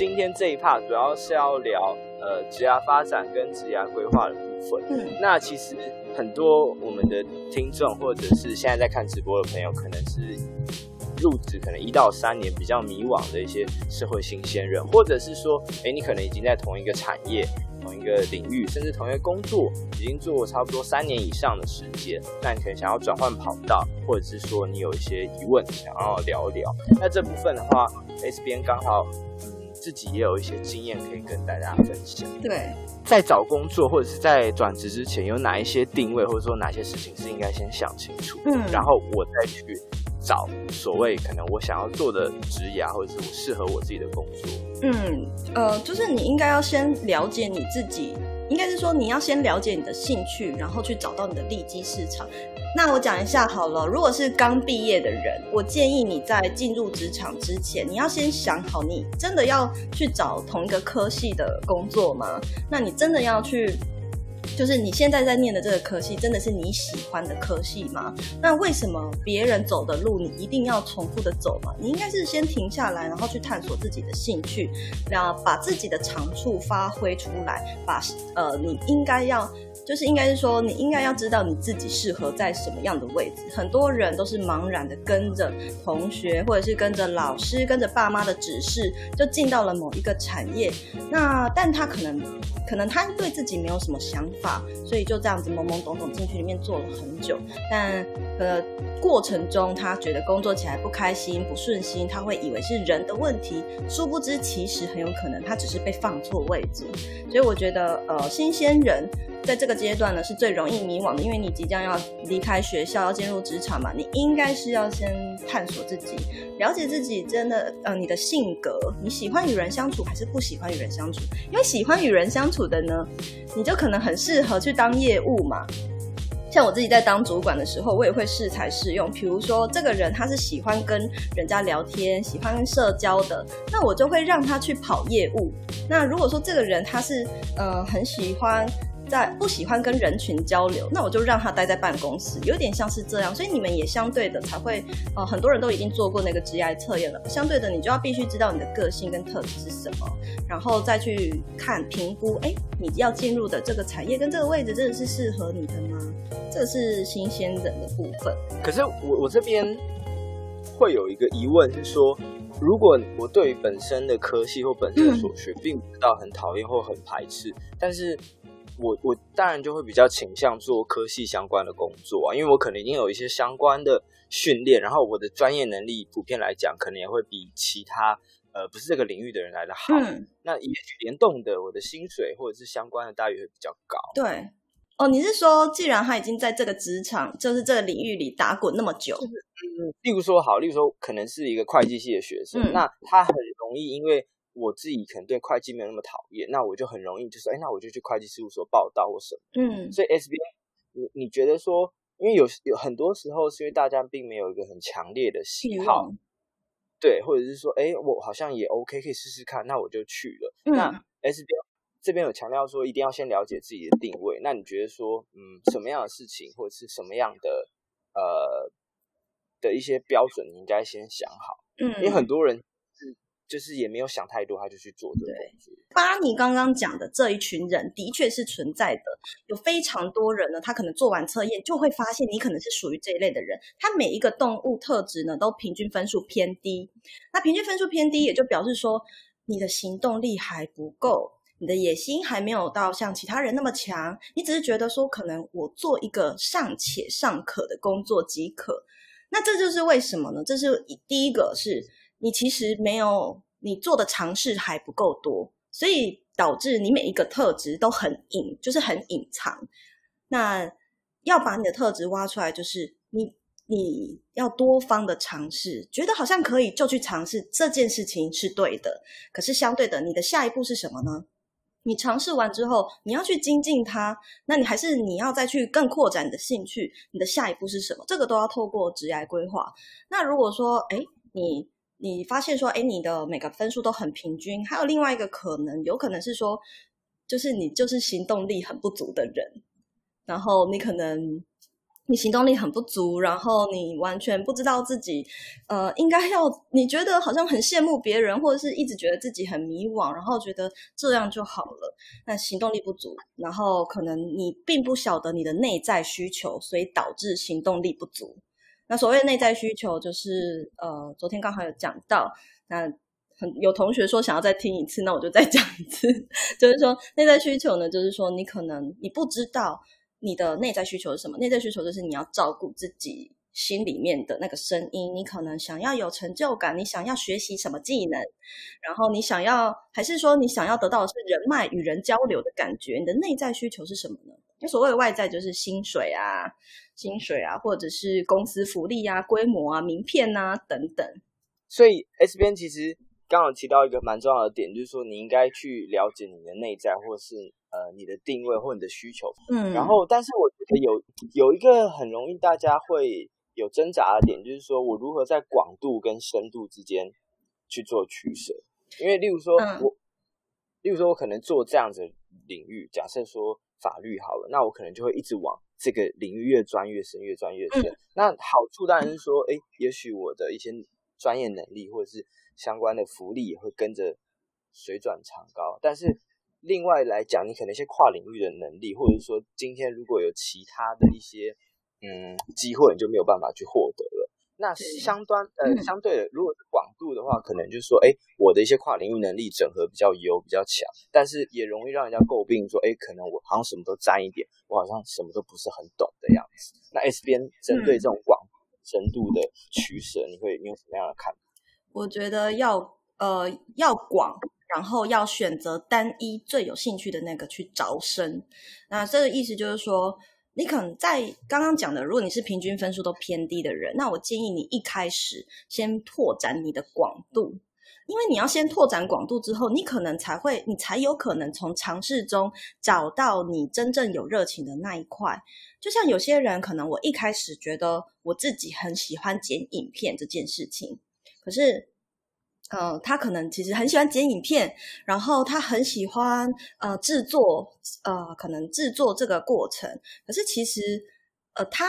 今天這一 part 主要是要聊呃職涯發展跟職涯規劃的部分。嗯、那其實很多我們的聽眾或者是現在在看直播的朋友，可能是入職可能一到三年比較迷惘的一些社會新鮮人，或者是說，誒、欸，你可能已經在同一個產業、同一個領域，甚至同一個工作已經做了差不多三年以上的時間，那你可能想要轉換跑道，或者是說你有一些疑問想要聊一聊。那這部分的話，S 編剛好。嗯自己也有一些經驗可以跟大家分享。嗯。對，在找工作或者是在轉職之前，有哪一些定位，或者說哪些事情是應該先想清楚，嗯，然後我再去找所謂可能我想要做的職業，或者是我適合我自己的工作。嗯，呃，就是你應該要先了解你自己。應該是說，你要先了解你的興趣，然後去找到你的利基市場。那我講一下好了，如果是剛畢業的人，我建議你在進入職場之前，你要先想好，你真的要去找同一個科系的工作嗎？那你真的要去。就是你現在在念的這個科系，真的是你喜歡的科系嗎？那為什麼別人走的路，你一定要重複的走嗎？你應該是先停下來，然後去探索自己的興趣，然後把自己的長處發揮出來，把呃，你應該要。就是應該是說，你應該要知道你自己適合在什麼樣的位置。很多人都是茫然的跟着同學，或者是跟着老師、跟着爸媽的指示，就進到了某一個產業。那但他可能，可能他對自己沒有什麼想法，所以就這樣子懵懵懂懂進去裡面做了很久。但呃過程中，他覺得工作起來不開心、不順心，他會以為是人的問題。殊不知，其實很有可能他只是被放錯位置。所以我覺得，呃，新鮮人。在這個階段呢，是最容易迷惘的，因為你即將要離開學校，要進入職場嘛。你應該是要先探索自己，了解自己真的，嗯、呃，你的性格，你喜歡與人相處還是不喜歡與人相處？因為喜歡與人相處的呢，你就可能很適合去當業務嘛。像我自己在當主管的時候，我也會適才適用。比如說，這個人他是喜歡跟人家聊天，喜歡社交的，那我就會讓他去跑業務。那如果說這個人他是，呃，很喜歡。在不喜歡跟人群交流，那我就讓他待在辦公室，有點像是這樣。所以你們也相對的才會，呃，很多人都已經做過那個職涯測驗了。相對的，你就要必須知道你的個性跟特質是什麼，然後再去看評估。哎，你要進入的這個產業跟這個位置真的是適合你的嗎？這是新鮮人的部分。可是我我這邊會有一個疑問是說，如果我對於本身的科系或本身的所學，並不知道很討厭或很排斥，嗯、但是。我我當然就會比較傾向做科系相關的工作啊，因為我可能已經有一些相關的訓練，然後我的專業能力普遍來講，可能也會比其他呃不是這個領域的人來得好。嗯、那也聯動的，我的薪水或者是相關的待遇會比較高。對。哦，你是說，既然他已經在這個職場，就是這個領域裡打滾那麼久，就是嗯、例如說，好，例如說，可能是一個會計系的學生，嗯、那他很容易因為。我自己可能對會計沒有那麼討厭，那我就很容易就說，哎，那我就去會計事務所報到或什麼。嗯，所以 S 編，你你覺得說，因為有有很多時候是因為大家並沒有一個很強烈的喜好，嗯、對，或者是說，哎，我好像也 OK，可以試試看，那我就去了。嗯、那 S 編這邊有強調說，一定要先了解自己的定位。那你覺得說，嗯，什麼樣的事情或者是什麼樣的呃的一些標準，你應該先想好，嗯、因為很多人。就是也沒有想太多，他就去做這。對，巴尼剛剛講的這一群人的確是存在的，有非常多人呢。他可能做完測驗就會發現，你可能是屬於這一類的人。他每一個動物特質呢，都平均分數偏低。那平均分數偏低，也就表示說你的行動力還不夠，你的野心還沒有到像其他人那麼強。你只是覺得說，可能我做一個尚且尚可的工作即可。那這就是為什麼呢？這是第一個是。你其實沒有，你做的嘗試還不夠多，所以導致你每一個特質都很隱，就是很隱藏。那要把你的特質挖出來，就是你你要多方的嘗試，覺得好像可以就去嘗試這件事情是對的。可是相對的，你的下一步是什麼呢？你嘗試完之後，你要去精進它，那你還是你要再去更擴展你的興趣。你的下一步是什麼？這個都要透過職涯規劃。那如果說，誒你。你發現說，哎，你的每個分數都很平均。還有另外一個可能，有可能是說，就是你就是行動力很不足的人。然後你可能你行動力很不足，然後你完全不知道自己，呃，應該要你覺得好像很羨慕別人，或者是一直覺得自己很迷惘，然後覺得這樣就好了。那行動力不足，然後可能你並不曉得你的內在需求，所以導致行動力不足。那所謂的內在需求就是，呃，昨天剛好有講到，那很有同學說想要再聽一次，那我就再講一次，就是說內在需求呢，就是說你可能你不知道你的內在需求是什麼，內在需求就是你要照顧自己心裡面的那個聲音，你可能想要有成就感，你想要學習什麼技能，然後你想要還是說你想要得到的是人脈與人交流的感覺，你的內在需求是什麼呢？就所謂的外在就是薪水啊。薪水啊，或者是公司福利啊、規模啊、名片啊等等。所以，S 編其實剛好提到一個蠻重要的點，就是說你應該去了解你的內在，或是呃你的定位或你的需求。嗯。然後，但是我覺得有有一個很容易大家會有掙扎的點，就是說我如何在廣度跟深度之間去做取捨？因為，例如說、嗯、我，例如說我可能做這樣子領域，假設說。法律好了，那我可能就會一直往這個領域越鑽越深，越鑽越深。那好處當然是說，誒、欸，也許我的一些專業能力或者是相關的福利也會跟着水漲船高。但是另外來講，你可能一些跨領域的能力，或者是說今天如果有其他的一些嗯機會，你就沒有辦法去獲得。那相對、嗯、呃，相對的如果是廣度的話，可能就是說，哎，我的一些跨領域能力整合比較優、比較強，但是也容易讓人家詬病，說，哎，可能我好像什麼都沾一點，我好像什麼都不是很懂的樣子。那 S 編針對這種廣深、嗯、度的取捨，你會有什麼樣的看法？我覺得要呃要廣，然後要選擇單一最有興趣的那個去着深。那這個意思就是說。你可能在剛剛講的，如果你是平均分數都偏低的人，那我建議你一開始先拓展你的廣度，因為你要先拓展廣度之後，你可能才會，你才有可能從嘗試中找到你真正有熱情的那一塊。就像有些人可能，我一開始覺得我自己很喜歡剪影片這件事情，可是。呃，他可能其實很喜歡剪影片，然後他很喜歡呃製作，呃，可能製作這個過程。可是其實，呃，他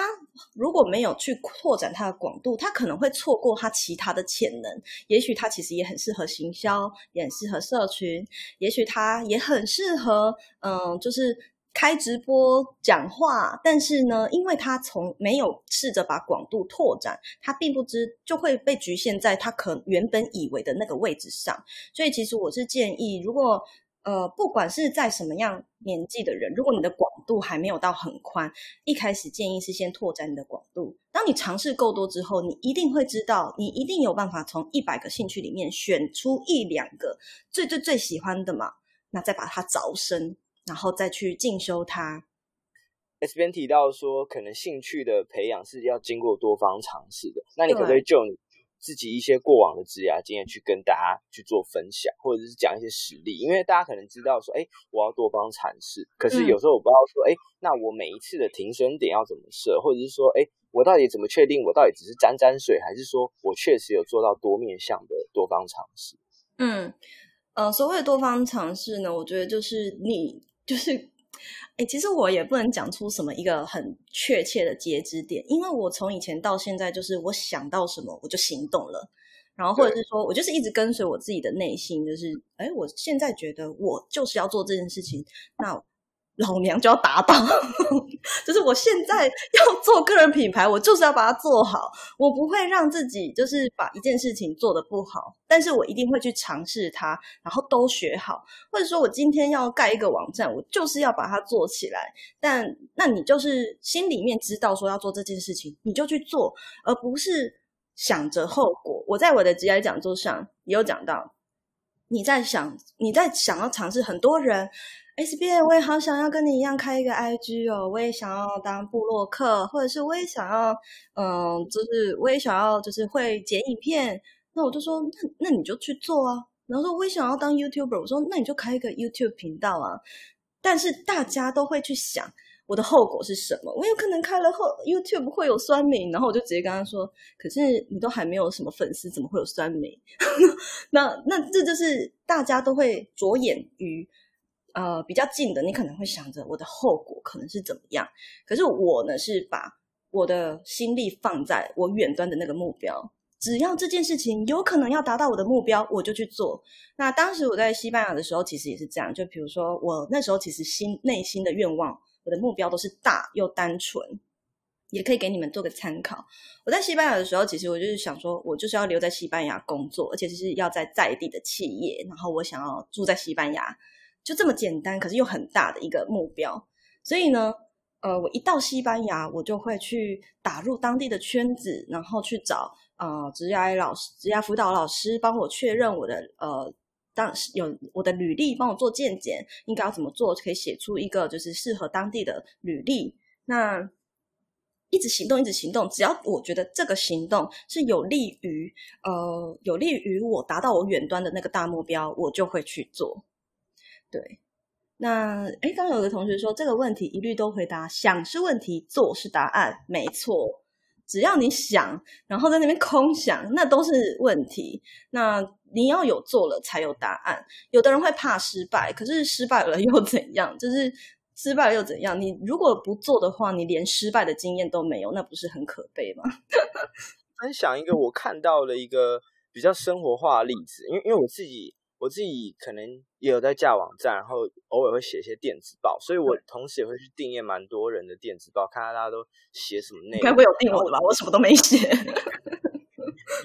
如果沒有去拓展他的廣度，他可能會錯過他其他的潛能。也許他其實也很適合行銷、也很適合社群，也許他也很適合，嗯、呃，就是。開直播講話，但是呢，因為他從沒有試着把廣度拓展，他並不知就會被局限在他可原本以為的那個位置上。所以，其實我是建議，如果呃，不管是在什麼樣年紀的人，如果你的廣度還沒有到很寬，一開始建議是先拓展你的廣度。當你嘗試夠多之後，你一定會知道，你一定有辦法從一百個興趣裡面選出一兩個最最最，最喜歡的嘛，那再把它鑿深。然後再去進修它。S 編提到說，可能興趣的培養是要經過多方嘗試的。那你可不可以就你自己一些過往的職涯經驗去跟大家去做分享，或者是講一些實例？因為大家可能知道說，哎、欸，我要多方嘗試，可是有時候我不知道說，哎、嗯欸，那我每一次的停損點要怎麼設，或者是說，哎、欸，我到底怎麼確定我到底只是沾沾水，還是說我確實有做到多面向的多方嘗試？嗯呃所謂多方嘗試呢，我覺得就是你。就是，哎、欸，其實我也不能講出什麼一個很確切的截止點，因為我從以前到現在，就是我想到什麼我就行動了，然後或者是說我就是一直跟隨我自己的內心，就是，哎、欸，我現在覺得我就是要做這件事情，那我。老娘就要打倒。 就是我現在要做個人品牌，我就是要把它做好，我不會讓自己就是把一件事情做得不好，但是我一定會去嘗試它，然後都學好，或者說我今天要蓋一個網站，我就是要把它做起來，但那你就是心裡面知道說要做這件事情，你就去做，而不是想着後果。我在我的職涯講座上也有講到。你在想，你在想要嘗試很多人，SBA，我也好想要跟你一樣開一個 IG 哦，我也想要當部落客，或者是我也想要，嗯，就是我也想要，就是會剪影片。那我就說，那那你就去做啊。然後說我也想要當 YouTuber，我說那你就開一個 YouTube 頻道啊。但是大家都會去想。我的後果是什麼？我有可能開了後，YouTube 會有酸民，然後我就直接跟他說：“可是你都還沒有什麼粉絲，怎麼會有酸民？” 那那這就是大家都會着眼於呃比較近的，你可能會想着我的後果可能是怎麼樣。可是我呢，是把我的心力放在我遠端的那個目標，只要這件事情有可能要達到我的目標，我就去做。那當時我在西班牙的時候，其實也是這樣。就比如說我那時候其實心內心的願望。我的目標都是大又單純，也可以給你們做個參考。我在西班牙的時候，其實我就是想說，我就是要留在西班牙工作，而且就是要在在地的企業，然後我想要住在西班牙，就這麼簡單。可是又很大的一個目標，所以呢，呃，我一到西班牙，我就會去打入當地的圈子，然後去找啊職、呃、業老師、職業輔導老師幫我確認我的呃。當有我的履歷，幫我做健檢，應該要怎麼做，可以寫出一個就是適合當地的履歷。那一直行動，一直行動，只要我覺得這個行動是有利於呃有利於我達到我遠端的那個大目標，我就會去做。對，那哎，誒，剛剛有個同學說這個問題一律都回答，想是問題，做是答案，沒錯。只要你想，然後在那邊空想，那都是問題。那你要有做了，才有答案。有的人會怕失敗，可是失敗了又怎樣？就是失敗了又怎樣？你如果不做的話，你連失敗的經驗都沒有，那不是很可悲嗎？ 分享一個我看到的一個比較生活化的例子，因為因為我自己。我自己可能也有在架網站，然後偶爾會寫一些電子報，所以我同時也會去訂閱蠻多人的電子報，看看大家都寫什麼內容。應該不會有訂閱吧？我， 我什麼都沒寫。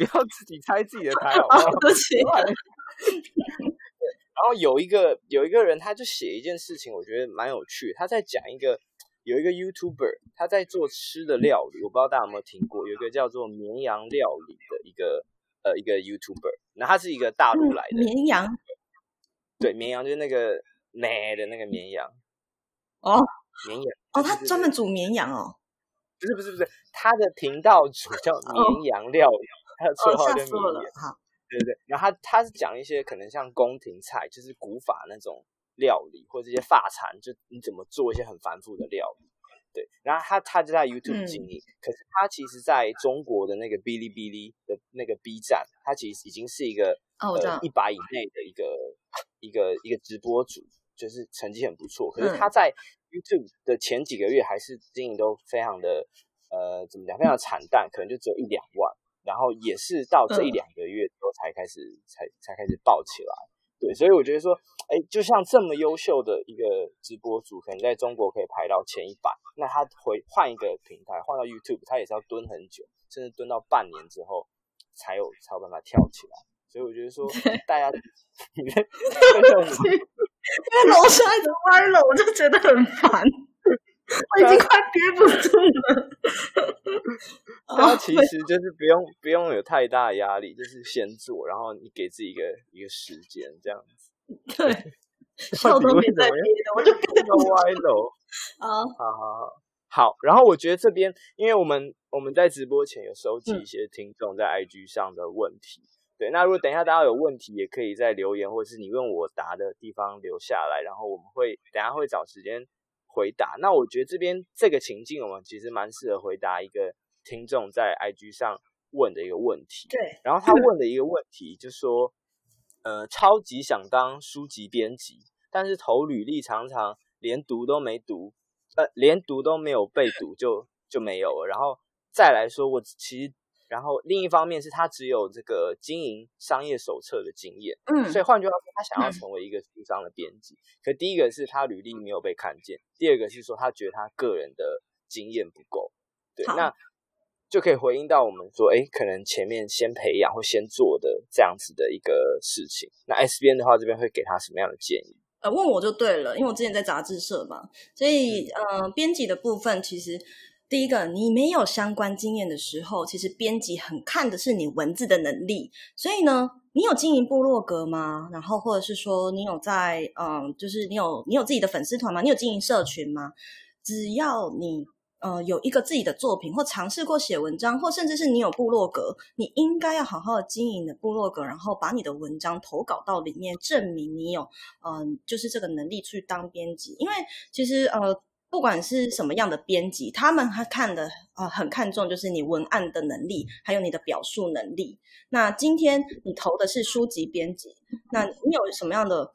不要自己猜自己的台。好不好？啊、對不起。 然後有一個有一個人，他就寫一件事情，我覺得蠻有趣的。他在講一個有一個 YouTuber，他在做吃的料理，我不知道大家有沒有聽過，有一個叫做綿羊料理的一個。呃，一個 YouTuber，然後他是一個大陸來的，綿羊，對，綿羊就是那個咩的那個綿羊，哦，綿羊，哦，他專門煮綿羊哦，不是不是不是，他的頻道主叫綿羊料理，哦、他的綽號叫綿羊，哦、了好對對，然後他他是講一些可能像宮廷菜，就是古法那種料理，或者一些發饞，就你怎麼做一些很繁複的料理。對，然後他他就在 YouTube 經營，嗯、可是他其實在中國的那個嗶哩嗶哩的那個 B 站，他其實已經是一個、oh, that. 呃、一百以內的一個一個一個直播主，就是成績很不錯。可是他在 YouTube 的前幾個月還是經營都非常的、嗯、呃怎麼講非常的慘淡，可能就只有一兩萬，然後也是到這一兩個月之後才開始、嗯、才才開始爆起來。對，所以我覺得說，哎，就像這麼優秀的一個直播主，可能在中國可以排到前一百，那他回換一個平台，換到 YouTube，他也是要蹲很久，甚至蹲到半年之後才有才有，才有辦法跳起來。所以我覺得說，對大家你的 因為因為樓下一直歪樓，我就覺得很煩。我已經快憋不住了。那 其實就是不用不用有太大壓力，就是先做，然後你給自己一個一個時間這樣子。 對，手都在我就跟 沒歪嘍。啊，好，臭咋妙 好，好，好，好。然後我覺得這邊，因為我們我們在直播前有收集一些聽眾在 IG 上的問題。嗯、對，那如果等一下大家有問題，也可以在留言，或者是你問我答的地方留下來，然後我們會等一下會，會找時間。回答，那我覺得這邊這個情境，我們其實蠻適合回答一個聽眾在 IG 上問的一個問題。對，然後他問的一個問題就是說，呃，超級想當書籍編輯，但是投履歷常常連讀都沒讀，呃，連讀都沒有被讀就就沒有了。然後再來說，我其實。然後另一方面是他只有這個經營商業手冊的經驗，嗯，所以換句話說，他想要成為一個書商的編輯。嗯、可第一個是他履歷沒有被看見，第二個是說他覺得他個人的經驗不夠，對，好那就可以回應到我們說，哎，可能前面先培養或先做的這樣子的一個事情。那 S 編的話，這邊會給他什麼樣的建議？呃，問我就對了，因為我之前在雜誌社嘛，所以、嗯、呃，編輯的部分其實。第一個，你沒有相關經驗的時候，其實編輯很看的是你文字的能力。所以呢，你有經營部落格嗎？然後或者是說，你有在嗯、呃，就是你有你有自己的粉絲團嗎？你有經營社群嗎？只要你嗯、呃、有一個自己的作品，或嘗試過寫文章，或甚至是你有部落格，你應該要好好的經營你的部落格，然後把你的文章投稿到裡面，證明你有嗯、呃、就是這個能力去當編輯。因為其實呃。不管是什麼樣的編輯，他們還看的啊、呃、很看重就是你文案的能力，還有你的表述能力。那今天你投的是書籍編輯，那你有什麼樣的？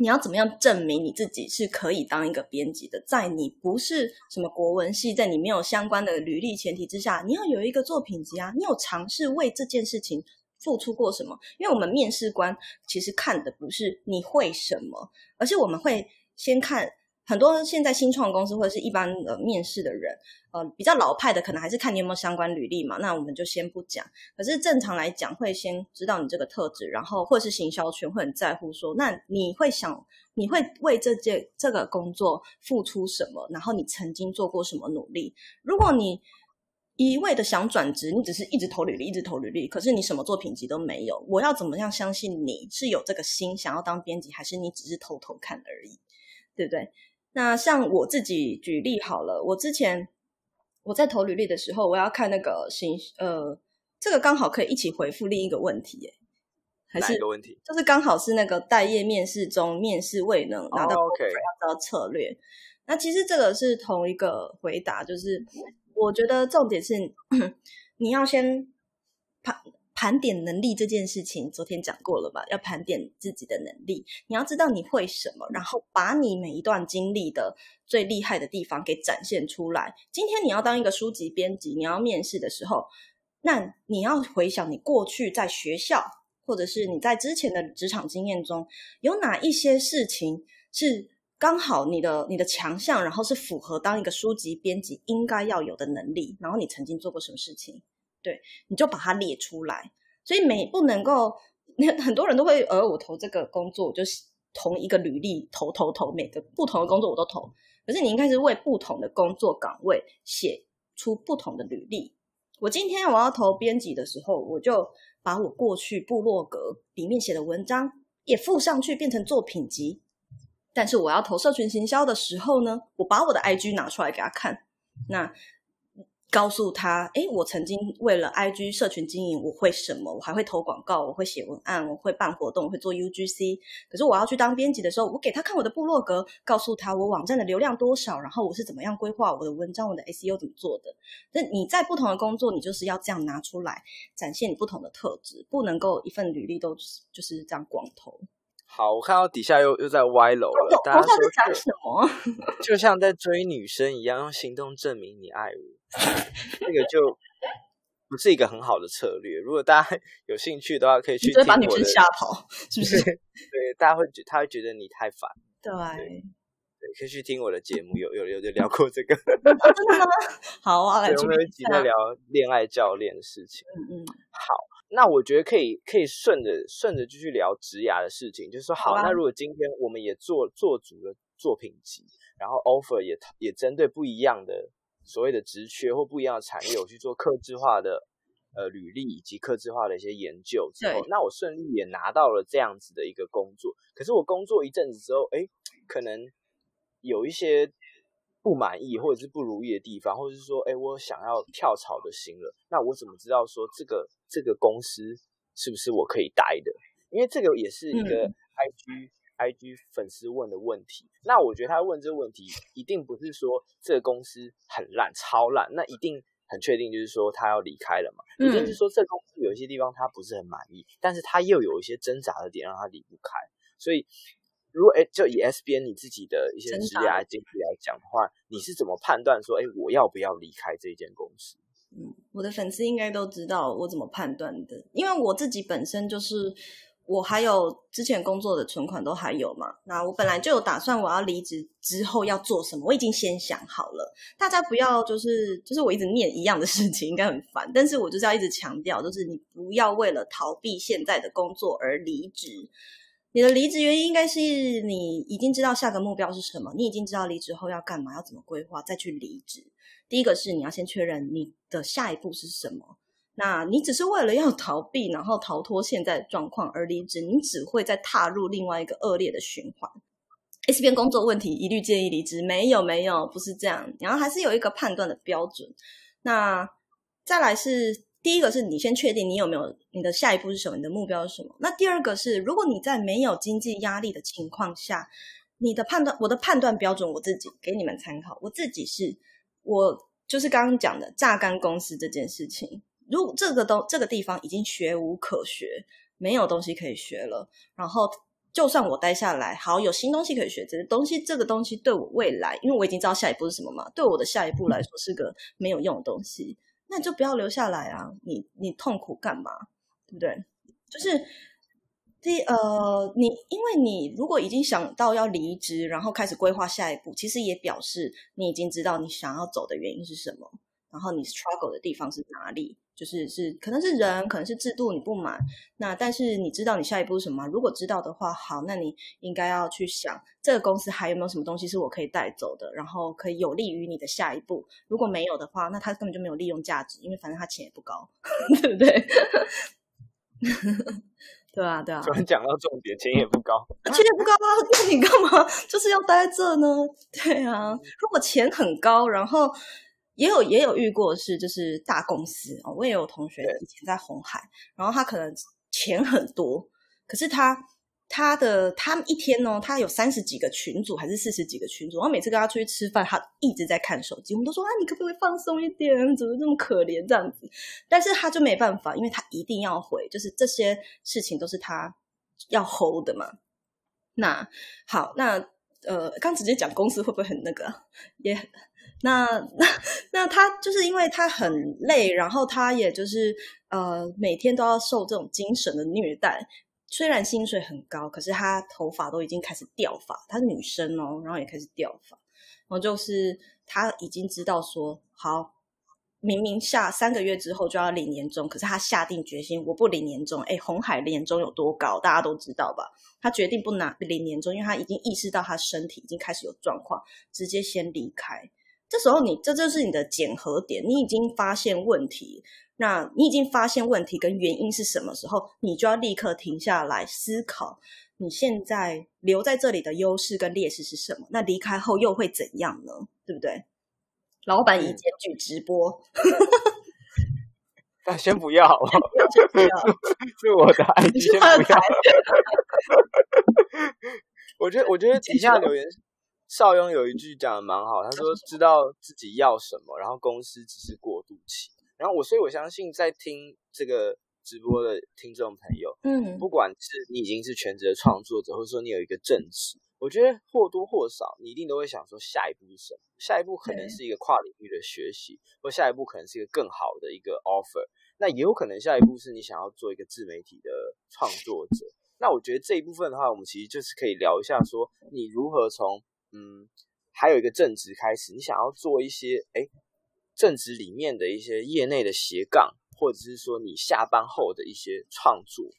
你要怎麼樣證明你自己是可以當一個編輯的？在你不是什麼國文系，在你沒有相關的履歷前提之下，你要有一個作品集啊，你有嘗試為這件事情付出過什麼？因為我們面試官其實看的不是你會什麼，而是我們會先看。很多現在新創公司或者是一般的面試的人，呃，比較老派的可能還是看你有沒有相關履歷嘛。那我們就先不講。可是正常來講，會先知道你這個特質，然後或者是行銷圈會很在乎說，那你會想，你會為這件這個工作付出什麼？然後你曾經做過什麼努力？如果你一味的想轉職，你只是一直投履歷，一直投履歷，可是你什麼作品集都沒有，我要怎麼樣相信你是有這個心想要當編輯，還是你只是偷偷看而已？對不對？那像我自己舉例好了，我之前我在投履歷的時候，我要看那個行，呃，這個剛好可以一起回復另一個問題，耶，還是哪個問題？就是剛好是那個待業面試中面試未能、oh, okay. 拿到 offer 的策略。那其實這個是同一個回答，就是我覺得重點是你要先判。盤點能力這件事情，昨天講過了吧？要盤點自己的能力，你要知道你會什麼，然後把你每一段經歷的最厲害的地方給展現出來。今天你要當一個書籍編輯，你要面試的時候，那你要回想你過去在學校或者是你在之前的職場經驗中有哪一些事情是剛好你的你的強項，然後是符合當一個書籍編輯應該要有的能力，然後你曾經做過什麼事情。對，你就把它列出來。所以每不能夠，很多人都會，而、呃、我投這個工作，就是同一個履歷投投投每個不同的工作我都投。可是你應該是為不同的工作崗位寫出不同的履歷。我今天我要投編輯的時候，我就把我過去部落格裡面寫的文章也附上去，變成作品集。但是我要投社群行銷的時候呢，我把我的 IG 拿出來給他看。那。告訴他，誒，我曾經為了 I G 社群經營，我會什麼？我還會投廣告，我會寫文案，我會辦活動，我會做 U G C。可是我要去當編輯的時候，我給他看我的部落格，告訴他我網站的流量多少，然後我是怎麼樣規劃我的文章，我的 SEO 怎麼做的。那你在不同的工作，你就是要這樣拿出來展現你不同的特質，不能夠一份履歷都就是這樣光投。好，我看到底下又又在歪樓了，哦、大家在，哦、講什麼就？就像在追女生一樣，用行動證明你愛我。 這個就不是一個很好的策略。如果大家有興趣的話，可以去聽我的。直接把女生嚇跑，是不是？ 對，大家會覺得他會覺得你太煩，對對。對，可以去聽我的節目，有有有聊過這個。 好啊，來好， 我們會去聊戀愛教練的事情。嗯，嗯好，那我覺得可以可以順着順着繼續聊職涯的事情。就是說，好，好啊、那如果今天我們也做做足了作品集，然後 offer 也也針對不一樣的。所謂的職缺或不一樣的產業，我去做客制化的呃履歷以及客制化的一些研究之後，對那我順利也拿到了這樣子的一個工作。可是我工作一陣子之後，哎、欸，可能有一些不滿意或者是不如意的地方，或者是說，哎、欸，我想要跳槽的心了。那我怎麼知道說，這個這個公司是不是我可以待的？因為這個也是一個 IG、嗯。I G 粉絲問的問題，那我覺得他問這個問題，一定不是說這個公司很爛、超爛，那一定很確定就是說他要離開了嘛。也就、嗯、是說，這個公司有一些地方他不是很滿意，但是他又有一些掙扎的點讓他離不開。所以，如果哎、欸，就以 S 編你自己的一些職業經歷來講的話，你是怎麼判斷說哎、欸，我要不要離開這間公司、嗯？我的粉絲應該都知道我怎麼判斷的，因為我自己本身就是。我還有之前工作的存款都還有嘛？那我本來就有打算，我要離職之後要做什麼，我已經先想好了。大家不要就是就是我一直念一樣的事情，應該很煩，但是我就是要一直強調，就是你不要為了逃避現在的工作而離職。你的離職原因應該是你已經知道下個目標是什麼，你已經知道離職後要幹嘛，要怎麼規劃再去離職。第一個是你要先確認你的下一步是什麼。那你只是為了要逃避，然後逃脫現在的狀況而離職，你只會再踏入另外一個惡劣的循環。S 編工作問題一律建議離職，沒有沒有，不是這樣。然後還是有一個判斷的標準。那再來是第一個，是你先確定你有沒有你的下一步是什麼，你的目標是什麼。那第二個是，如果你在沒有經濟壓力的情況下，你的判斷，我的判斷標準我自己給你們參考，我自己是，我就是剛剛講的榨乾公司這件事情。如果這個東這個地方已經學無可學，沒有東西可以學了，然後就算我待下來，好，有新東西可以學，這些東西，這個東西對我未來，因為我已經知道下一步是什麼嘛，對我的下一步來說是個沒有用的東西，那你就不要留下來啊！你你痛苦幹嘛？對不對？就是第呃，你因為你如果已經想到要離職，然後開始規劃下一步，其實也表示你已經知道你想要走的原因是什麼，然後你 struggle 的地方是哪裡？就是是，可能是人，可能是制度，你不滿。那但是你知道你下一步是什麼？如果知道的話，好，那你應該要去想，這個公司還有沒有什麼東西是我可以帶走的，然後可以有利於你的下一步。如果沒有的話，那他根本就沒有利用價值，因為反正他錢也不高，對不對？對啊，對啊。突然講到重點，錢也不高，啊、錢也不高、啊，那你幹嘛就是要待在這呢？對啊，如果錢很高，然後。也有也有遇過的是就是大公司，哦，我也有同學以前在鴻海，然後他可能錢很多，可是他他的他一天呢、哦，他有三十幾個群組還是四十幾個群組，然後每次跟他出去吃飯，他一直在看手機。我們都說啊，你可不可以放鬆一點？怎麼這麼可憐這樣子？但是他就沒辦法，因為他一定要回，就是這些事情都是他要 hold 的嘛。那好，那呃，剛剛直接講公司會不會很那個？也、yeah。那那那他就是因為他很累，然後他也就是呃每天都要受這種精神的虐待。雖然薪水很高，可是他頭髮都已經開始掉髮。她是女生哦，然後也開始掉髮。然後就是他已經知道說，好，明明下三個月之後就要領年終，可是他下定決心，我不領年終。哎，紅海領年終有多高，大家都知道吧？他決定不拿領年終，因為他已經意識到他身體已經開始有狀況，直接先離開。這時候你，你這就是你的檢核點，你已經發現問題。那你已經發現問題跟原因是什麼時候，你就要立刻停下來思考，你現在留在這裡的優勢跟劣勢是什麼？那離開後又會怎樣呢？對不對？老闆已經去直播，那先不要，是我的愛情。我覺得，我覺得底下留言。邵雍有一句講得蠻好，他說知道自己要什麼，然後公司只是過渡期。然後我，所以我相信在聽這個直播的聽眾朋友，嗯，不管是你已經是全職的創作者，或者說你有一個正職，我覺得或多或少你一定都會想說，下一步是什麼？下一步可能是一個跨領域的學習，或者下一步可能是一個更好的一個 offer。那也有可能下一步是你想要做一個自媒體的創作者。那我覺得這一部分的話，我們其實就是可以聊一下說你如何從。嗯，還有一個正職開始，你想要做一些哎、欸，正職裡面的一些業內的斜槓，或者是說你下班後的一些創作。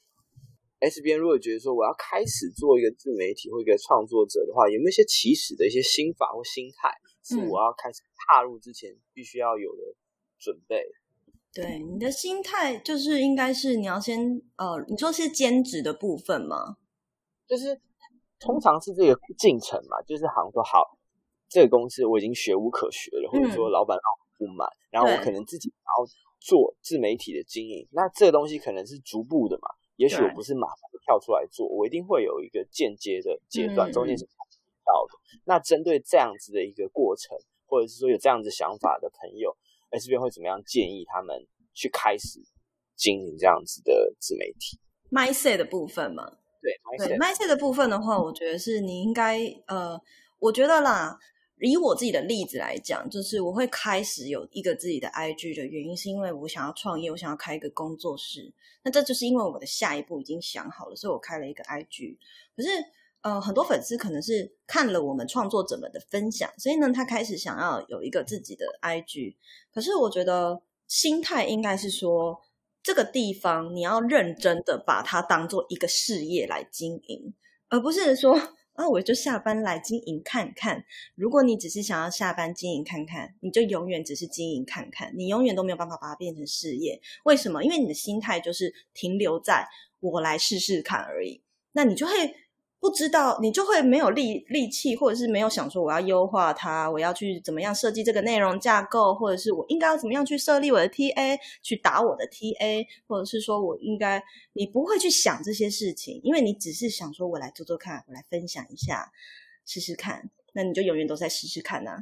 S 編如果覺得說我要開始做一個自媒體或一個創作者的話，有沒有一些起始的一些心法或心態，是我要開始踏入之前必須要有的準備？對，你的心態，就是應該是你要先呃，你說是兼職的部分嗎？就是。通常是這個進程嘛，就是好像說好，這個公司我已經學無可學了，嗯、或者說老闆讓我不滿，然後我可能自己然後做自媒體的經營，對那這個東西可能是逐步的嘛，也許我不是馬上跳出來做，對我一定會有一個兼職的階段，嗯、中間是到的。那針對這樣子的一個過程，或者是說有這樣子想法的朋友，S 編會怎麼樣建議他們去開始經營這樣子的自媒體？賣菜的部分嗎？對，對，賣菜的，的部分的話，我覺得是你應該，呃，我覺得啦，以我自己的例子來講，就是我會開始有一個自己的 IG 的原因，是因為我想要創業，我想要開一個工作室，那這就是因為我的下一步已經想好了，所以我開了一個 IG。可是，呃，很多粉絲可能是看了我們創作者們的分享，所以呢，他開始想要有一個自己的 IG。可是，我覺得心態應該是說，這個地方，你要認真的把它當做一個事業來經營，而不是說啊，我就下班來經營看看。如果你只是想要下班經營看看，你就永遠只是經營看看，你永遠都沒有辦法把它變成事業。為什麼？因為你的心態就是停留在我來試試看而已，那你就會。不知道你就會沒有力力氣，或者是沒有想說我要優化它，我要去怎麼樣設計這個內容架構，或者是我應該要怎麼樣去設立我的 TA 去打我的 TA，或者是說我應該你不會去想這些事情，因為你只是想說我來做做看，我來分享一下試試看，那你就永遠都在試試看吶、啊。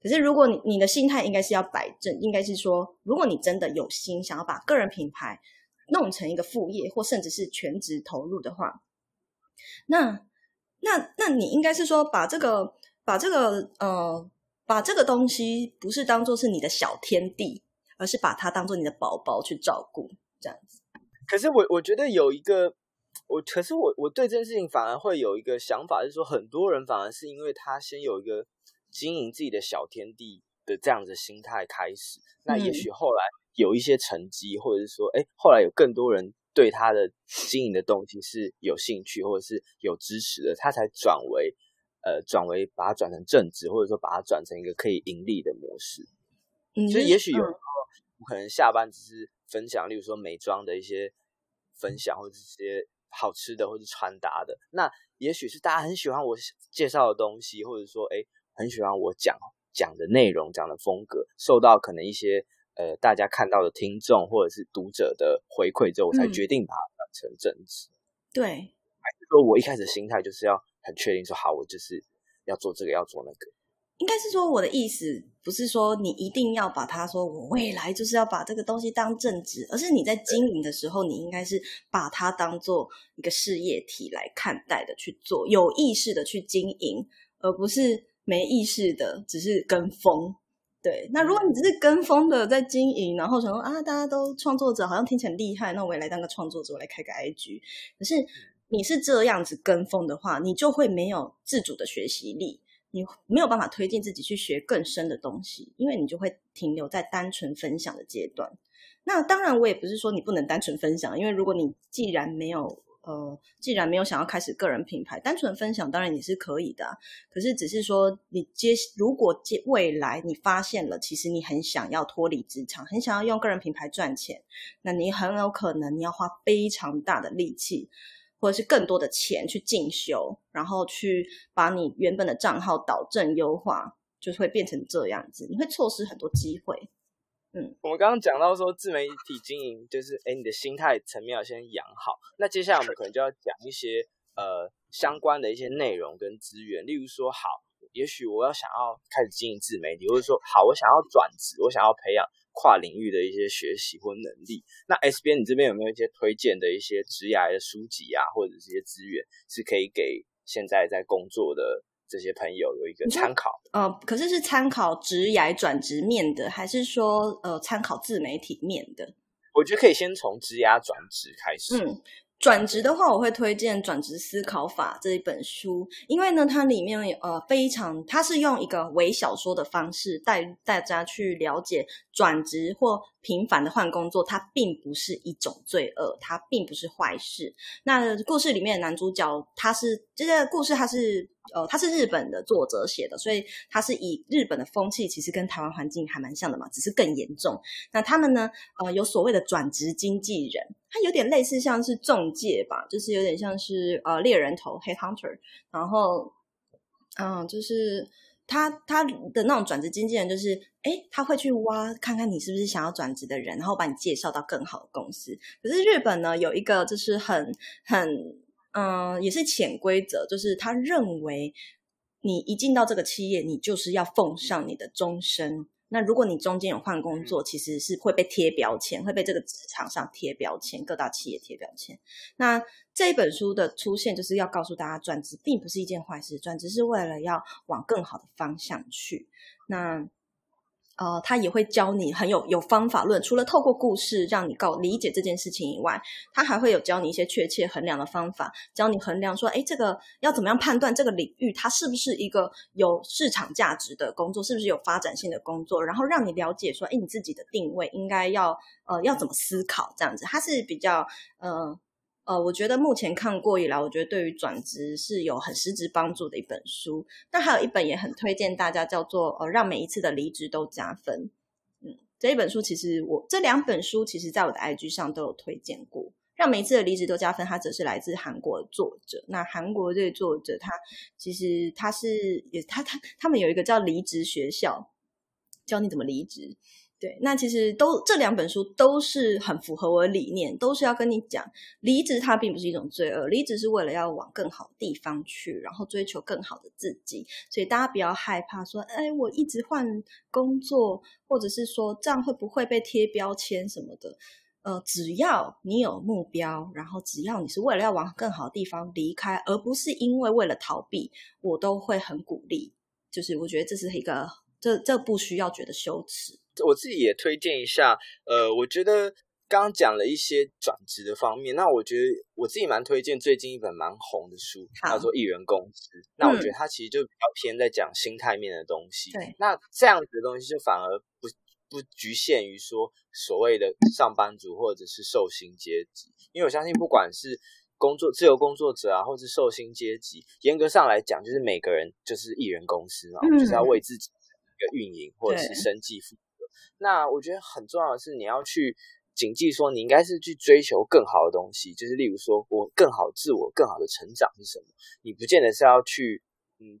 可是如果你你的心態應該是要擺正，應該是說，如果你真的有心想要把個人品牌弄成一個副業，或甚至是全職投入的話。那那那你應該是說，把這個把這個呃把這個東西不是當做是你的小天地，而是把它當做你的寶寶去照顧這樣子。可是我我覺得有一個我，可是我我對這件事情反而會有一個想法，就是說很多人反而是因為他先有一個經營自己的小天地的這樣子的心態開始，那也許後來有一些成績，或者是說哎、欸，後來有更多人，對他的經營的東西是有興趣或者是有支持的，他才轉為，呃，轉為把它轉成正職，或者說把它轉成一個可以盈利的模式。嗯，所以也許有時候，嗯，我可能下班只是分享，例如說美妝的一些分享，或者是一些好吃的，或者是穿搭的。那也許是大家很喜歡我介紹的東西，或者說誒很喜歡我講講的內容，講的風格，受到可能一些。呃，大家看到的聽眾或者是讀者的回饋之後，我才決定把它當成正職。嗯。對，還是說我一開始心態就是要很確定說，說好，我就是要做這個，要做那個。應該是說，我的意思不是說你一定要把它說，我未來就是要把這個東西當正職，而是你在經營的時候，你應該是把它當做一個事業體來看待的去做，有意識的去經營，而不是沒意識的，只是跟風。對，那如果你只是跟風的在經營，然後想說啊，大家都創作者好像聽起來厲害，那我也來當個創作者，我來開個 IG。可是你是這樣子跟風的話，你就會沒有自主的學習力，你沒有辦法推進自己去學更深的東西，因為你就會停留在單純分享的階段。那當然，我也不是說你不能單純分享，因為如果你既然沒有。呃，既然沒有想要開始個人品牌，單純分享當然也是可以的。可是，只是說你接，如果接未來你發現了，其實你很想要脫離職場，很想要用個人品牌賺錢，那你很有可能你要花非常大的力氣，或者是更多的錢去進修，然後去把你原本的賬號導正優化，就是會變成這樣子，你會錯失很多機會。嗯，我們剛剛講到說自媒體經營，就是誒你的心態層面要先養好。那接下來我們可能就要講一些呃相關的一些內容跟資源，例如說，好，也許我要想要開始經營自媒體，或者說，好，我想要轉職，我想要培養跨領域的一些學習或能力。那 S 編，你這邊有沒有一些推薦的一些職涯的書籍啊，或者這些資源是可以給現在在工作的？這些朋友有一個參考。呃，可是是參考職涯轉職面的，還是說呃參考自媒體面的？我覺得可以先從職涯轉職開始。嗯，轉職的話，我會推薦《轉職思考法》這一本書，因為呢，它裡面有呃非常，它是用一個微小說的方式帶，帶大家去了解。轉職或頻繁的換工作，它並不是一種罪惡，它並不是壞事。那故事裡面的男主角，他是這個故事，他是呃，他是日本的作者寫的，所以他是以日本的風氣，其實跟台灣環境還蠻像的嘛，只是更嚴重。那他們呢，呃，有所謂的轉職經紀人，它有點類似像是中介吧，就是有點像是呃獵人頭黑 h e t hunter），然後嗯、呃，就是。他他的那種轉職經紀人就是，誒，他會去挖看看你是不是想要轉職的人，然後把你介紹到更好的公司。可是日本呢，有一個就是很很，嗯、呃，也是潛規則，就是他認為你一進到這個企業，你就是要奉上你的終身。那如果你中間有換工作，其實是會被貼標籤，會被這個職場上貼標籤，各大企業貼標籤。那這一本書的出現，就是要告訴大家，轉職並不是一件壞事，轉職是為了要往更好的方向去。那。呃，他也會教你很有有方法論，除了透過故事讓你夠理解這件事情以外，他還會有教你一些確切衡量的方法，教你衡量說，誒，這個要怎麼樣判斷這個領域它是不是一個有市場價值的工作，是不是有發展性的工作，然後讓你了解說，誒，你自己的定位應該要呃要怎麼思考這樣子，他是比較嗯。呃呃，我覺得目前看過以來，我覺得對於轉職是有很實質幫助的一本書。那還有一本也很推薦大家，叫做呃，《讓每一次的離職都加分》。嗯，這一本書其實我這兩本書其實在我的 IG 上都有推薦過，《讓每一次的離職都加分》它則是來自韓國的作者。那韓國的這作者他其實他是他他他，他們有一個叫離職學校，教你怎麼離職。對，那其實都這兩本書都是很符合我的理念，都是要跟你講，離職它並不是一種罪惡，離職是為了要往更好的地方去，然後追求更好的自己，所以大家不要害怕說，哎，我一直換工作，或者是說這樣會不會被貼標籤什麼的？呃，只要你有目標，然後只要你是為了要往更好的地方離開，而不是因為為了逃避，我都會很鼓勵，就是我覺得這是一個，這這不需要覺得羞恥。我自己也推薦一下，呃，我覺得剛剛講了一些轉職的方面，那我覺得我自己蠻推薦最近一本蠻紅的書，好叫做《一人公司》。那我覺得它其實就比較偏在講心態面的東西。對，那這樣子的東西就反而不不局限於說所謂的上班族或者是受薪階級，因為我相信不管是工作自由工作者啊，或者是受薪階級，嚴格上來講，就是每個人就是一人公司嘛、嗯、就是要為自己的運營或者是生計。那我覺得很重要的是，你要去謹記說，你應該是去追求更好的東西，就是例如說，我更好自我、更好的成長是什麼？你不見得是要去嗯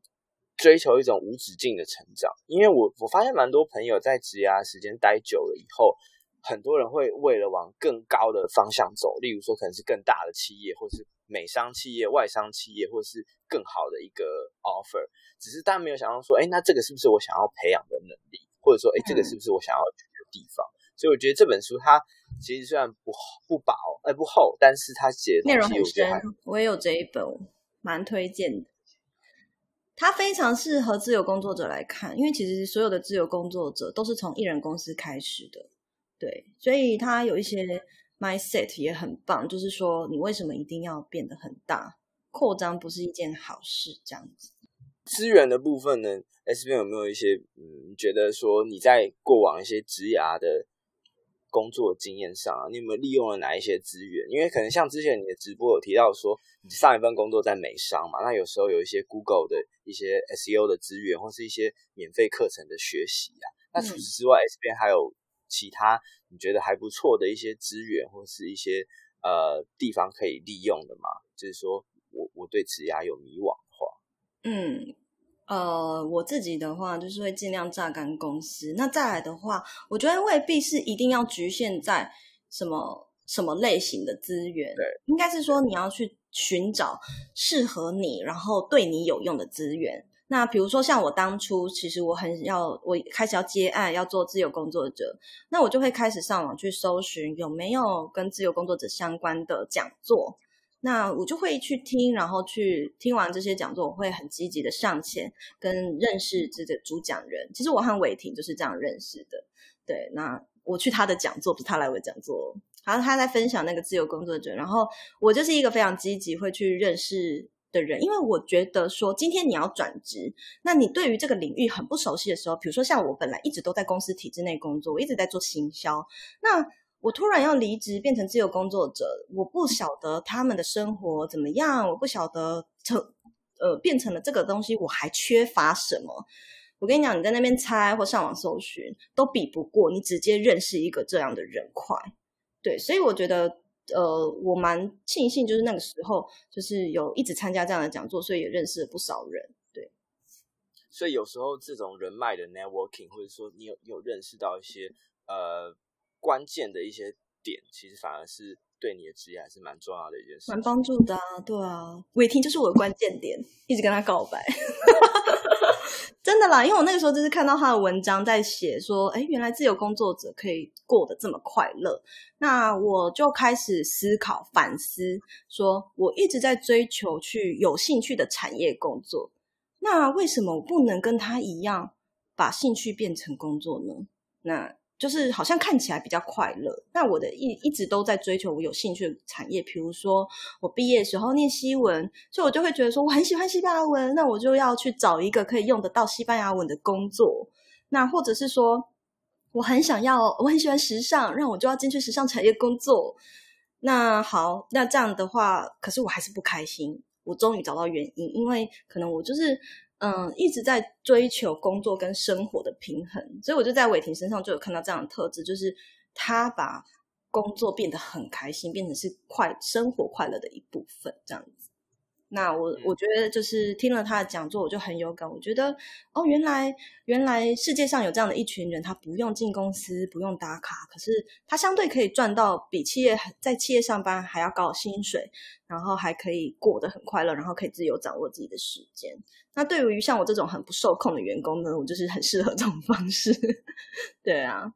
追求一種無止境的成長，因為我我發現蠻多朋友在職涯時間待久了以後，很多人會為了往更高的方向走，例如說可能是更大的企業，或是美商企業、外商企業，或者是更好的一個 offer，只是大家沒有想到說，哎，那這個是不是我想要培養的能力？或者說，哎，這個是不是我想要的地方？嗯，所以我覺得這本書它其實雖然不厚不薄，哎，呃，不厚，但是它寫的內容很深。我，很我也有這一本，蠻推薦的。它非常適合自由工作者來看，因為其實所有的自由工作者都是從一人公司開始的，對，所以它有一些 mindset 也很棒，就是說你為什麼一定要變得很大？擴張不是一件好事，這樣子。資源的部分呢？S 編有沒有一些嗯，你覺得說你在過往一些職涯的工作經驗上啊，你有沒有利用了哪一些資源？因為可能像之前你的直播有提到說，你上一份工作在美商嘛，那有時候有一些 Google 的一些 SEO 的資源，或是一些免費課程的學習啊。那除此之外，S 編、嗯、還有其他你覺得還不錯的一些資源，或是一些呃地方可以利用的嗎？就是說我我對職涯有迷惘的話，嗯。呃，我自己的話就是會盡量榨乾公司。那再來的話，我覺得未必是一定要局限在什麼什麼類型的資源。對應該是說你要去尋找適合你，然後對你有用的資源。那比如說像我當初，其實我很要，我開始要接案，要做自由工作者，那我就會開始上網去搜尋有沒有跟自由工作者相關的講座。那我就會去聽，然後去聽完這些講座，我會很積極的上前跟認識這個主講人。其實我和偉霆就是這樣認識的。對，那我去他的講座，不是他來我的講座。然後他在分享那個自由工作者，然後我就是一個非常積極會去認識的人，因為我覺得說今天你要轉職，那你對於這個領域很不熟悉的時候，比如說像我本來一直都在公司體制內工作，我一直在做行銷，那。我突然要離職變成自由工作者，我不曉得他們的生活怎麼樣，我不曉得成呃變成了這個東西我還缺乏什麼。我跟你講，你在那邊猜或上網搜尋，都比不過你直接認識一個這樣的人快。對，所以我覺得呃我蠻慶幸，就是那個時候就是有一直參加這樣的講座，所以也認識了不少人。對，所以有時候這種人脈的 networking，或者說你有有認識到一些呃。關鍵的一些點，其實反而是對你的職業還是蠻重要的一件事，蠻幫助的，啊。對啊，我一聽就是我的關鍵點，一直跟他告白， 真的啦。因為我那個時候就是看到他的文章在寫說，哎，原來自由工作者可以過得這麼快樂。那我就開始思考反思，說我一直在追求去有興趣的產業工作，那為什麼我不能跟他一樣，把興趣變成工作呢？那？就是好像看起來比較快樂。那我的一一直都在追求我有興趣的產業，比如說我畢業的時候念西文，所以我就會覺得說我很喜歡西班牙文，那我就要去找一個可以用得到西班牙文的工作。那或者是說我很想要，我很喜歡時尚，那我就要進去時尚產業工作。那好，那這樣的話，可是我還是不開心。我終於找到原因，因為可能我就是。嗯，一直在追求工作跟生活的平衡，所以我就在偉霆身上就有看到這樣的特質，就是他把工作變得很開心，變成是快，生活快樂的一部分，這樣。那我、嗯、我覺得就是聽了他的講座，我就很有感。我覺得哦，原來原來世界上有這樣的一群人，他不用進公司，不用打卡，可是他相對可以賺到比企業在企業上班還要高的薪水，然後還可以過得很快樂，然後可以自由掌握自己的時間。那對於像我這種很不受控的員工呢，我就是很適合這種方式。 對啊，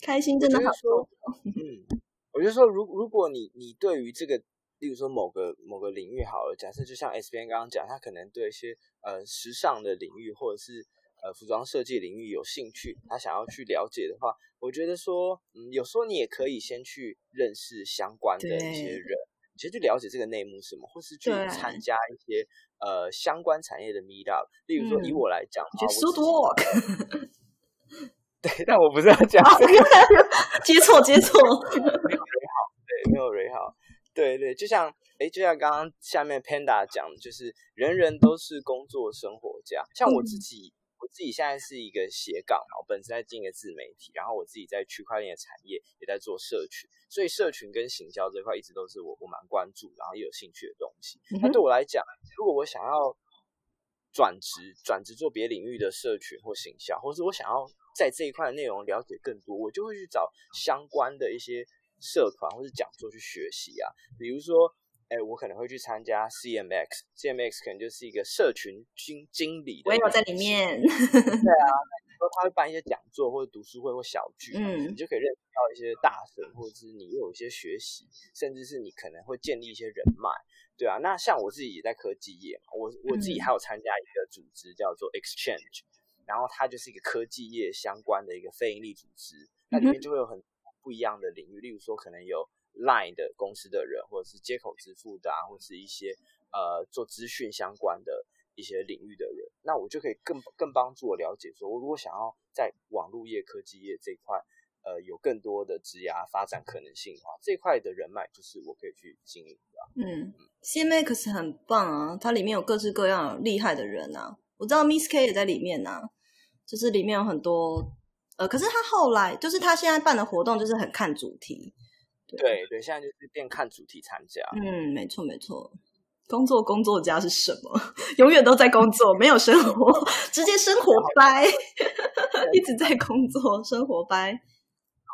開心真的好多多說。嗯，我就說如果如果你你對於這個。例如說某個某個領域好了，假設就像 S 編剛剛講，他可能對一些呃時尚的領域或者是呃服裝設計領域有興趣，他想要去了解的話，我覺得說嗯，有時候你也可以先去認識相關的一些人，對其實去了解這個內幕是什麼或是去參加一些對呃相關產業的 Meet Up。例如說，以我來講，Suit Walk。對，但我不是要講接錯、oh, okay. 接錯，接錯 沒有雷好，對，沒有雷好。對對，就像誒就像剛剛下面 Panda 講的，就是人人都是工作生活家。像我自己，我自己現在是一個斜槓嘛，我本身在經營一個自媒體，然後我自己在區塊鏈的產業也在做社群，所以社群跟行銷這塊一直都是我我蠻關注，然後也有興趣的東西。那對我來講，如果我想要轉職，轉職做別領域的社群或行銷，或是我想要在這一塊的內容了解更多，我就會去找相關的一些。社團或是講座去學習啊，比如說，哎、欸，我可能會去參加 CMX，CMX 可能就是一個社群經經理的，我也有在裡面。 對啊，你說他會辦一些講座或者讀書會或小聚，嗯，你就可以認識到一些大神，或者是你又有一些學習，甚至是你可能會建立一些人脈，對啊，那像我自己也在科技業嘛，我我自己還有參加一個組織叫做 Exchange，、嗯、然後它就是一個科技業相關的一個非盈利組織，嗯、那裡面就會有很。不一樣的領域，例如說可能有 Line 的公司的人，或者是街口支付的，啊，或者是一些呃做資訊相關的一些領域的人，那我就可以更更幫助我了解說我如果想要在網絡業、科技業這一塊呃有更多的職涯發展可能性的話，這塊的人脈就是我可以去經營的，啊。嗯，CMX 很棒啊，它裡面有各式各樣厲害的人啊，我知道 Miss K 也在裡面啊，就是裡面有很多。呃，可是他後來就是他現在辦的活動就是很看主題，對對，對，現在就是變看主題參加。嗯，沒錯沒錯。工作工作家是什麼？永遠都在工作，沒有生活，直接生活掰，嗯、 一直在工作對生活掰。然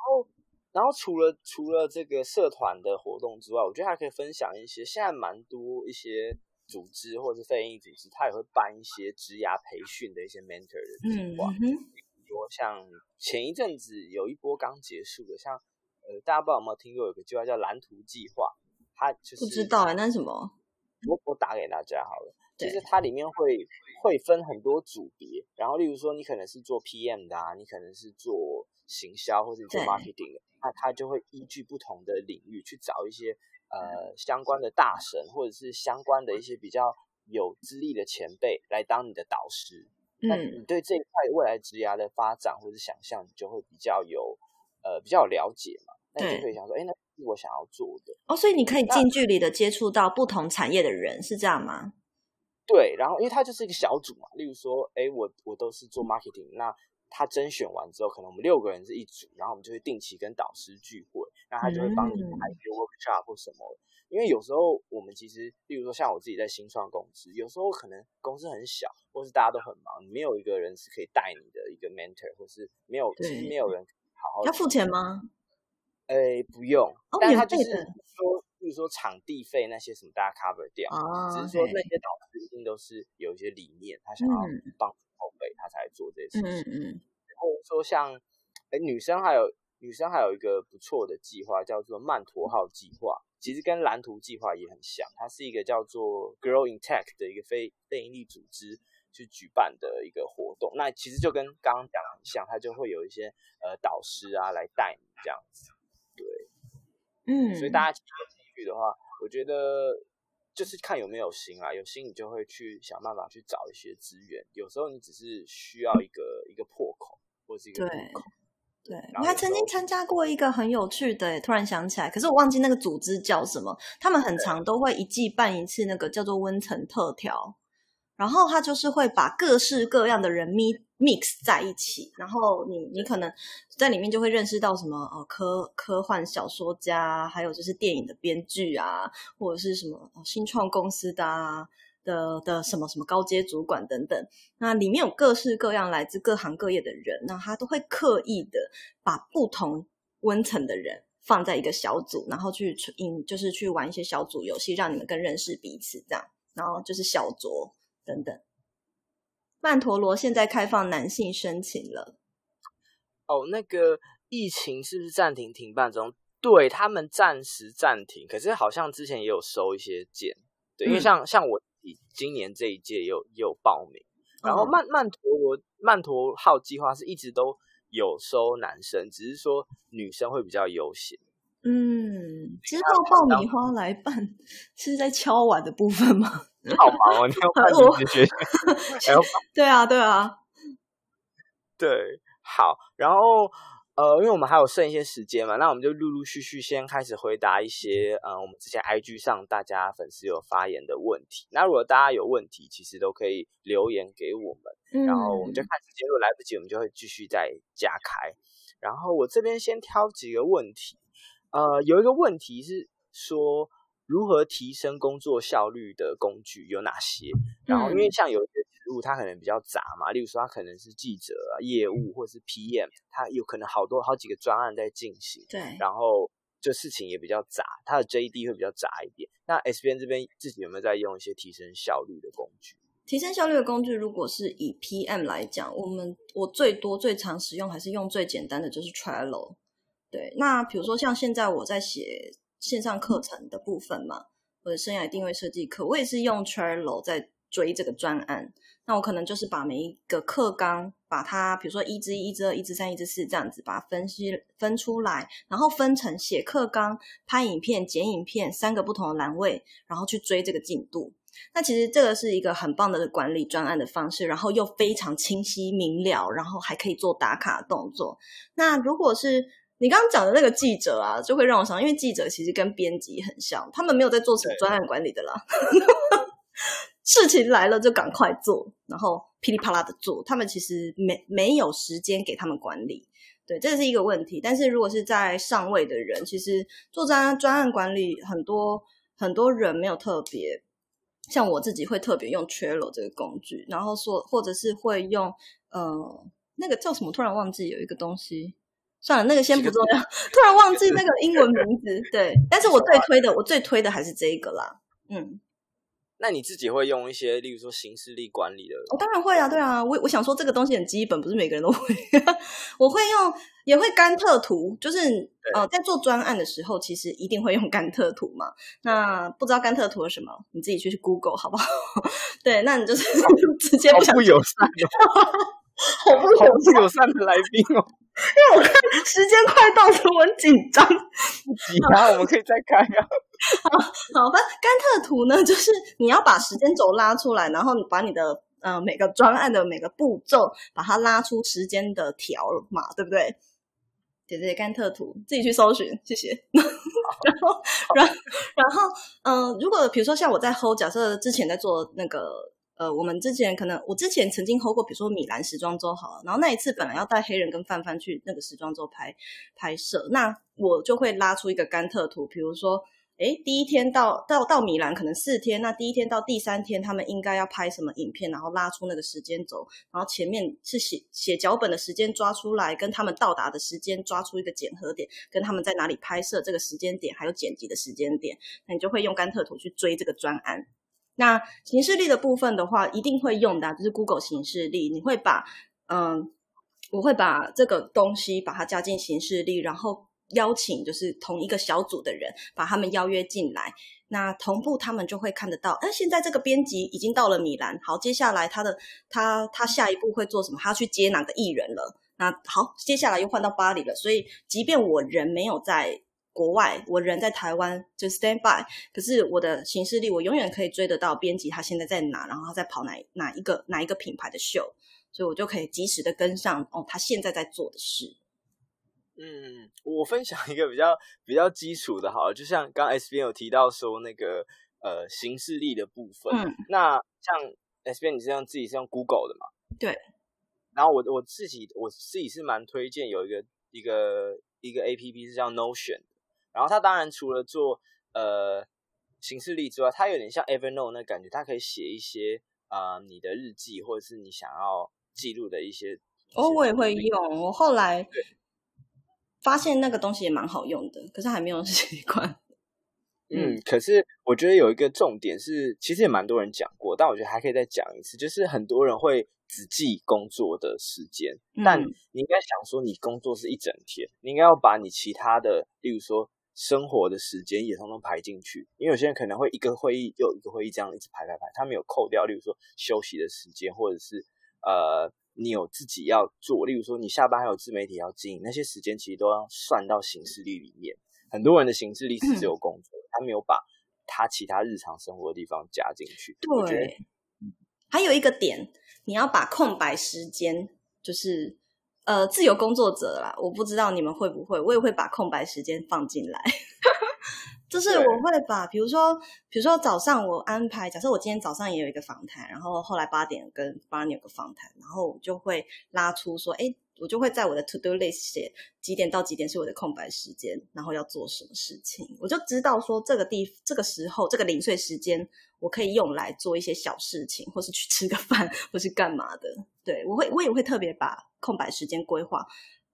後，然後除了除了這個社團的活動之外，我覺得還可以分享一些，現在蠻多一些組織或者是非營利組織，他也會辦一些職涯培訓的一些 mentor 的計劃。嗯嗯我像前一陣子有一波剛結束的，像呃，大家不知道有沒有聽過有個計劃叫“藍圖計劃”，它就是不知道啊。那是什麼？我我打給大家好了。對其實它裡面會會分很多組別，然後例如說你可能是做 PM 的啊，你可能是做行銷或者做 marketing 的，那對它，它就會依據不同的領域去找一些呃相關的大神或者是相關的一些比較有資歷的前輩來當你的導師。那你對這一塊未來職涯的發展或者想象，你就會比較有呃比較有了解嘛？對那你就可以想說，哎、欸，那是我想要做的哦。所以你可以近距離的接觸到不同產業的人，那是這樣嗎？對，然後因為它就是一個小組嘛，例如說，誒、欸、我我都是做 marketing 那。他甄選完之後，可能我們六個人是一組，然後我們就會定期跟導師聚會，然後他就會幫你、嗯、一個 workshop 或什麼。因為有時候我們其實，例如說像我自己在新創公司，有時候可能公司很小，或是大家都很忙，沒有一個人是可以帶你的一個 mentor，或是沒有，對其實沒有人可以好好。要付錢嗎？哎、呃，不用，哦、但是他就是說，哦、比如說場地費那些什麼，大家 cover 掉、哦、只是說那些導師一定都是有一些理念，他想要幫助、嗯。他才做這些事情。嗯嗯，然後說像，誒女生還有女生還有一個不錯的計劃叫做“曼陀號計劃”，其實跟藍圖計劃也很像。它是一個叫做 “Growing Tech” 的一個非非營利組織去舉辦的一個活動。那其實就跟剛剛講很像，它就會有一些、呃、導師啊來帶你這樣子。對。嗯。所以大家機會的話，我覺得。就是看有沒有心啊，有心你就會去想辦法去找一些資源。有時候你只是需要一個一個破口，或者是一個破口。對，對，我還曾經參加過一個很有趣的，突然想起來，可是我忘記那個組織叫什麼。他們很常都會一季辦一次那個叫做溫層特調，然後他就是會把各式各樣的人咪，mix 在一起，然後你你可能在裡面就會認識到什麼哦，科科幻小說家，還有就是電影的編劇啊，或者是什麼、哦、新創公司的啊的的什麼什麼高階主管等等。那裡面有各式各樣來自各行各業的人，那他都會刻意的把不同溫層的人放在一個小組，然後去出，嗯，就是去玩一些小組遊戲，讓你們更認識彼此，這樣，然後就是小酌等等。曼陀羅現在開放男性申請了。哦，那個疫情是不是暫停停辦中？對，他們暫時暫停，可是好像之前也有收一些件。對，嗯、因為像像我今年這一屆也有也有報名。然後曼、哦、曼陀羅曼陀羅號計劃是一直都有收男生，只是說女生會比較優先。嗯，之後爆米花來辦是在敲碗的部分嗎？你 好忙哦，你要看什麼？對啊，對啊，對，好。然後呃，因為我們還有剩一些時間嘛,那我們就陸陸續續先開始回答一些呃，我們之前 IG 上大家粉絲有發言的問題。那如果大家有問題，其實都可以留言給我們，嗯、然後我們就看時間，如果來不及，我們就會繼續再加開。然後我這邊先挑幾個問題，呃，有一個問題是說。如何提升工作效率的工具有哪些？然後，嗯、因為像有一些職務，它可能比較雜嘛，例如說，它可能是記者啊、業務或是 PM，它有可能好多好幾個專案在進行。對。然後，這事情也比較雜，它的 JD 會比較雜一點。那 S 編這邊自己有沒有在用一些提升效率的工具？提升效率的工具，如果是以 PM 來講，我們我最多最常使用還是用最簡單的，就是 Trello。對。那比如說像現在我在寫。線上課程的部分嘛，我的生涯定位設計課，我也是用 Trello 在追這個專案。那我可能就是把每一個課綱，把它比如說一之一、之二、一之三、一之四這樣子，把它分析分出來，然後分成寫課綱、拍影片、剪影片三個不同的欄位，然後去追這個進度。那其實這個是一個很棒的管理專案的方式，然後又非常清晰明了，然後還可以做打卡的動作。那如果是你剛剛講的那個記者啊，就會讓我想，因為記者其實跟編輯很像，他們沒有在做什麼專案管理的啦。對 事情來了就趕快做，然後噼里啪啦的做，他們其實沒沒有時間給他們管理，對，這是一個問題。但是如果是在上位的人，其實做專專案管理，很多很多人沒有特別，像我自己會特別用 Trello 這個工具，然後說或者是會用呃那個叫什麼，突然忘記有一個東西。算了，那個先不做了。突然忘記那個英文名字，對。但是我最推的，我最推的還是這一個啦。嗯，那你自己會用一些，例如說行事曆管理的？我當然會啊，對啊。我我想說這個東西很基本，不是每個人都會。 我會用，也會甘特圖，就是對呃，在做專案的時候，其實一定會用甘特圖嘛。那不知道甘特圖是什麼？你自己去 Google 好不好？ 對，那你就是直接不想 好不是有三個來賓哦，因為我看時間快到了，我很緊張。不急啊， 我們可以再看啊。好，好吧。甘特圖呢，就是你要把時間軸拉出來，然後你把你的呃每個專案的每個步驟，把它拉出時間的條嘛，對不對？對對，甘特圖自己去搜尋，謝謝。好 然後，然好然後，嗯、呃，如果比如說像我在 Hold，假設之前在做那個。呃，我們之前可能我之前曾經 hold 過，比如說米蘭時裝周好了，然後那一次本來要帶黑人跟范范去那個時裝周拍拍攝，那我就會拉出一個甘特圖，比如說，哎，第一天到到到米蘭可能四天，那第一天到第三天他們應該要拍什麼影片，然後拉出那個時間軸，然後前面是寫寫腳本的時間抓出來，跟他們到達的時間抓出一個檢核點，跟他們在哪裡拍攝這個時間點，還有剪輯的時間點，那你就會用甘特圖去追這個專案。那行事曆的部分的話，一定會用的，啊，就是 Google 行事曆。你會把，嗯，我會把這個東西把它加進行事曆，然後邀請就是同一個小組的人，把他們邀約進來。那同步他們就會看得到，誒、呃、現在這個編輯已經到了米蘭，好，接下來他的他他下一步會做什麼？他要去接哪個藝人了？那好，接下來又換到巴黎了。所以，即便我人沒有在。國外，我人在台灣就 stand by，可是我的行事曆，我永遠可以追得到編輯他現在在哪，然後他在跑哪哪一個哪一個品牌的秀，所以我就可以及時的跟上哦他現在在做的事。嗯，我分享一個比較比較基礎的，好，就像剛剛 S 編有提到說那個呃行事曆的部分，嗯、那像 S 編你是用自己是用 Google 的嘛？對。然後我我自己我自己是蠻推薦有一個一個一個 A P P 是叫 Notion。然後他當然除了做呃行事曆之外，他有點像 Evernote 那感覺，他可以寫一些啊、呃、你的日記或者是你想要記錄的一些。哦，我也會用，我對後來發現那個東西也蠻好用的，可是還沒有習慣。嗯，可是我覺得有一個重點是，其實也蠻多人講過，但我覺得還可以再講一次，就是很多人會只記工作的時間，嗯、但你應該想說你工作是一整天，你應該要把你其他的，例如說。生活的時間也通通排進去，因為有些人可能會一個會議又一個會議這樣一直排排排，他沒有扣掉，例如說休息的時間，或者是呃你有自己要做，例如說你下班還有自媒體要經營，那些時間其實都要算到行事曆裡面。很多人的行事曆是只有工作，嗯、他沒有把他其他日常生活的地方加進去。對，覺得還有一個點，你要把空白時間就是。呃，自由工作者啦，我不知道你們會不會，我也會把空白時間放進來。 就是我會把，比是如說，比如說早上我安排，假設我今天早上也有一個訪談，然後後來八點跟 Barney 有個訪談，然後我就會拉出說，哎，我就會在我的 To Do List 寫幾點到幾點是我的空白時間，然後要做什麼事情，我就知道說這個地這個時候，這個零碎時間，我可以用來做一些小事情，或是去吃個飯，或是幹嘛的。對，我會我也會特別把。空白時間規劃，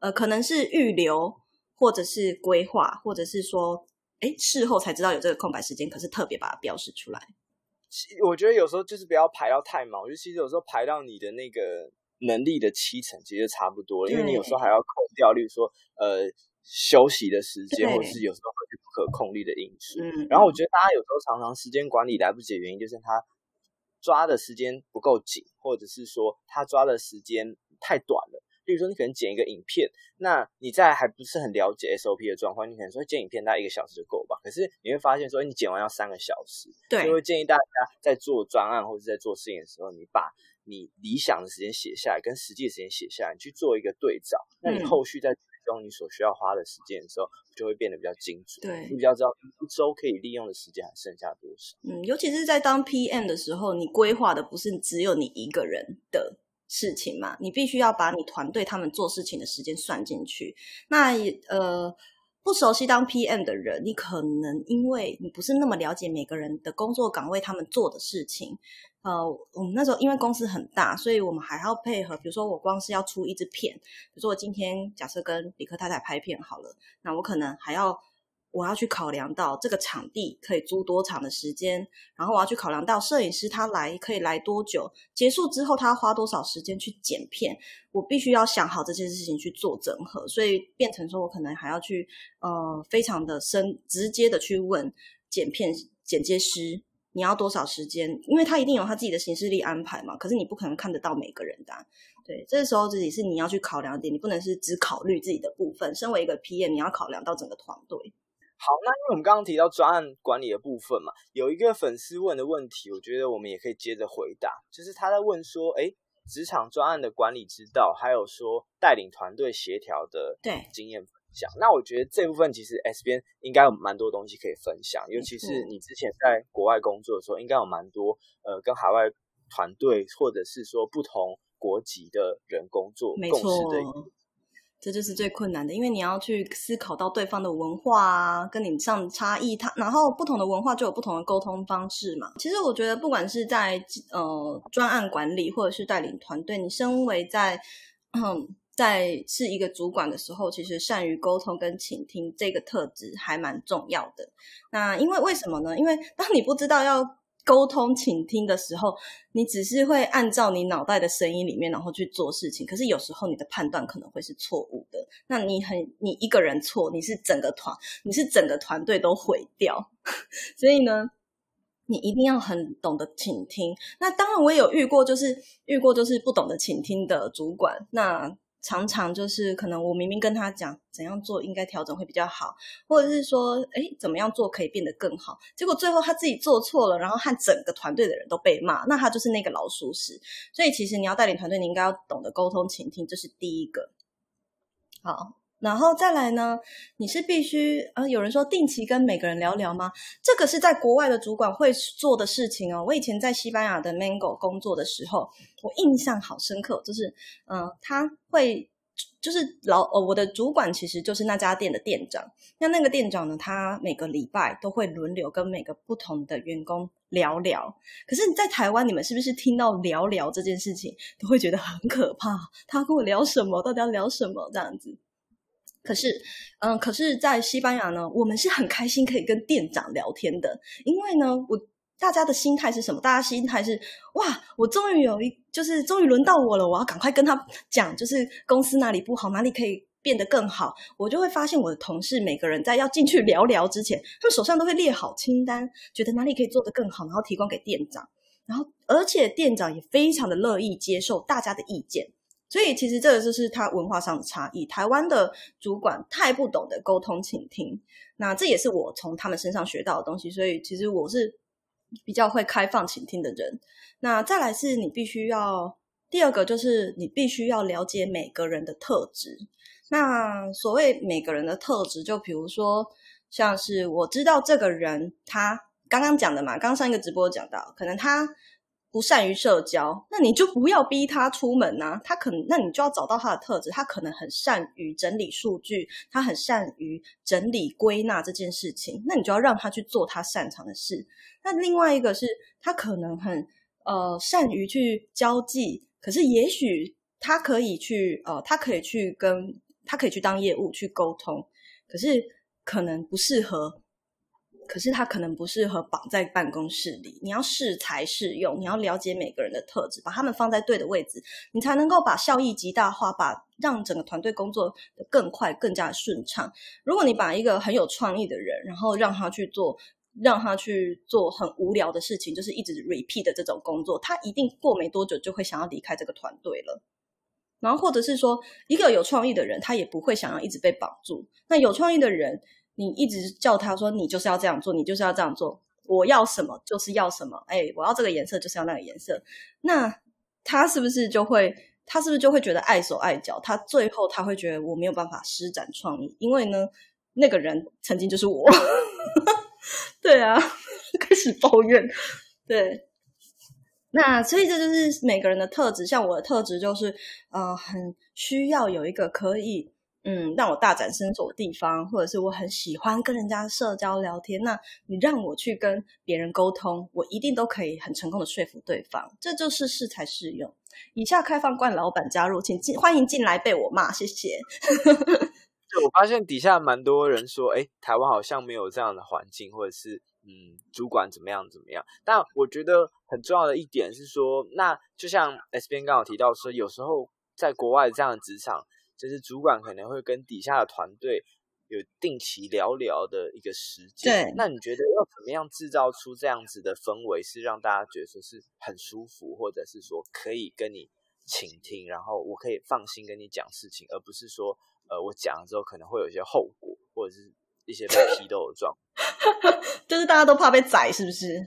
呃，可能是預留，或者是規劃，或者是說，哎，事後才知道有這個空白時間，可是特別把它標示出來。其，我覺得有時候就是不要排到太忙，就其實有時候排到你的那個能力的七成，其實就差不多了。對因為你有時候還要扣掉，例如說呃休息的時間，對或者是有時候會不可控力的因素。嗯、然後我覺得大家有時候常常時間管理來不及的原因，就是他抓的時間不夠緊，或者是說他抓的時間太短了。比如說，你可能剪一個影片，那你在還不是很了解 SOP 的狀況，你可能說剪影片大概一個小時就夠吧。可是你會發現說，你剪完要三個小時。對，所以會建議大家在做專案或者在做攝影的時候，你把你理想的時間寫下來，跟實際的時間寫下來，你去做一個對照。那你後續在用你所需要花的時間的時候，就會變得比較精準，你對比較知道一周可以利用的時間還剩下多少。嗯，尤其是在當 PM 的時候，你規劃的不是只有你一個人的事情嘛，你必須要把你團隊他們做事情的時間算進去。那呃，不熟悉當 PM 的人，你可能因為你不是那麼了解每個人的工作崗位他們做的事情。呃，我們那時候因為公司很大，所以我們還要配合。比如說，我光是要出一支片，比如說我今天假設跟李克太太拍片好了，那我可能還要。我要去考量到這個場地可以租多長的時間，然後我要去考量到攝影師他來可以來多久，結束之後他花多少時間去剪片，我必須要想好這件事情去做整合，所以變成說我可能還要去呃非常的深直接的去問剪片剪接師你要多少時間，因為他一定有他自己的行事曆安排嘛，可是你不可能看得到每個人的、啊，對，這時候自己是你要去考量的點，你不能是只考慮自己的部分，身為一個 PM，你要考量到整個團隊。好，那因為我們剛剛提到專案管理的部分嘛，有一個粉絲問的問題，我覺得我們也可以接着回答，就是他在問說，哎、欸，職場專案的管理之道，還有說帶領團隊協調的經驗分享。對那我覺得這部分其實 S 編應該有蠻多東西可以分享，沒錯尤其是你之前在國外工作的時候，應該有蠻多呃跟海外團隊或者是說不同國籍的人工作共識的意義。這就是最困難的，因為你要去思考到對方的文化啊，跟你上的差異他，他然後不同的文化就有不同的溝通方式嘛。其實我覺得，不管是在呃專案管理或者是帶領團隊，你身為在嗯在是一個主管的時候，其實善於溝通跟傾聽這個特質還蠻重要的。那因為為什麼呢？因為當你不知道要。溝通、傾聽的時候，你只是會按照你腦袋的聲音裡面，然後去做事情。可是有時候你的判斷可能會是錯誤的。那你很，你一個人錯，你是整個團，你是整個團隊都毀掉。 所以呢，你一定要很懂得傾聽。那當然，我也有遇過，就是遇過，就是不懂得傾聽的主管。那。常常就是可能我明明跟他講怎樣做應該調整會比較好，或者是說哎怎麼樣做可以變得更好，結果最後他自己做錯了，然後和整個團隊的人都被罵，那他就是那個老鼠屎。所以其實你要帶領團隊，你應該要懂得溝通、傾聽，這就是第一個。好。然後再來呢？你是必須呃，有人說定期跟每個人聊聊嗎？這個是在國外的主管會做的事情哦。我以前在西班牙的 Mango 工作的時候，我印象好深刻，就是嗯、呃，他會就是老呃，我的主管其實就是那家店的店長。那那個店長呢，他每個禮拜都會輪流跟每個不同的員工聊聊。可是你在台灣，你們是不是聽到聊聊這件事情都會覺得很可怕？他跟我聊什麼？到底要聊什麼這樣子？可是，嗯，可是，在西班牙呢，我們是很開心可以跟店長聊天的，因為呢，我，大家的心態是什麼？大家心態是，哇，我終於有一，就是終於輪到我了，我要趕快跟他講，就是公司哪裡不好，哪裡可以變得更好。我就會發現我的同事每個人在要進去聊聊之前，他們手上都會列好清單，覺得哪裡可以做得更好，然後提供給店長，然後而且店長也非常的樂意接受大家的意見。所以其實這個就是他文化上的差異。台灣的主管太不懂得溝通傾聽，那這也是我從他們身上學到的東西。所以其實我是比較會開放傾聽的人。那再來是你必須要，第二個就是你必須要了解每個人的特質。那所謂每個人的特質，就比如說像是我知道這個人，他剛剛講的嘛，剛上一個直播講到，可能他。不善於社交，那你就不要逼他出門啊。他可能，那你就要找到他的特質。他可能很善於整理數據，他很善於整理歸納這件事情。那你就要讓他去做他擅長的事。那另外一個是，他可能很呃善於去交際，可是也許他可以去呃，他可以去跟他可以去當業務去溝通，可是可能不適合。可是他可能不適合綁在辦公室裡，你要適才適用，你要了解每個人的特質，把他們放在對的位置，你才能夠把效益極大化，把讓整個團隊工作得更快、更加順暢。如果你把一個很有創意的人，然後讓他去做，讓他去做很無聊的事情，就是一直 repeat 的這種工作，他一定過沒多久就會想要離開這個團隊了。然後或者是說，一個有創意的人，他也不會想要一直被綁住。那有創意的人，你一直叫他說：“你就是要這樣做，你就是要這樣做。我要什麼就是要什麼。哎，我要這個顏色就是要那個顏色。那他是不是就會，他是不是就會覺得礙手礙腳？他最後他會覺得我沒有辦法施展創意，因為呢，那個人曾經就是我。 對啊， 開始抱怨。對，那所以這就是每個人的特質。像我的特質就是，啊、呃，很需要有一個可以。”嗯，讓我大展身手的地方，或者是我很喜歡跟人家社交聊天。那你讓我去跟別人溝通，我一定都可以很成功的說服對方。這就是適才適用。以下開放官老闆加入，請進，歡迎進來被我罵，謝謝。 我發現底下蠻多人說，哎，台灣好像沒有這樣的環境，或者是嗯，主管怎麼樣怎麼樣。但我覺得很重要的一點是說，那就像 S 編剛好提到說，有時候在國外這樣的職場。就是主管可能會跟底下的團隊有定期聊聊的一個時間。對，那你覺得要怎麼樣制造出這樣子的氛圍，是讓大家覺得說是很舒服，或者是說可以跟你傾聽，然後我可以放心跟你講事情，而不是說，呃，我講了之後可能會有一些後果，或者是一些被批鬥的狀。 就是大家都怕被宰，是不是？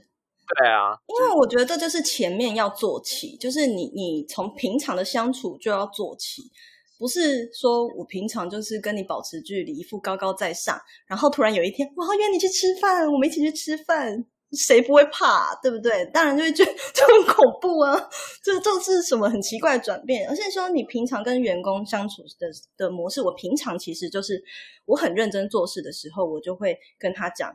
對啊，就是、因為我覺得這就是前面要做起，就是你你從平常的相處就要做起。不是說我平常就是跟你保持距離，一副高高在上，然後突然有一天，我要約你去吃飯，我們一起去吃飯，誰不會怕，對不對？當然就會覺得就很恐怖啊，這這、就是什麼很奇怪的轉變？而且說你平常跟員工相處的的模式，我平常其實就是我很認真做事的時候，我就會跟他講，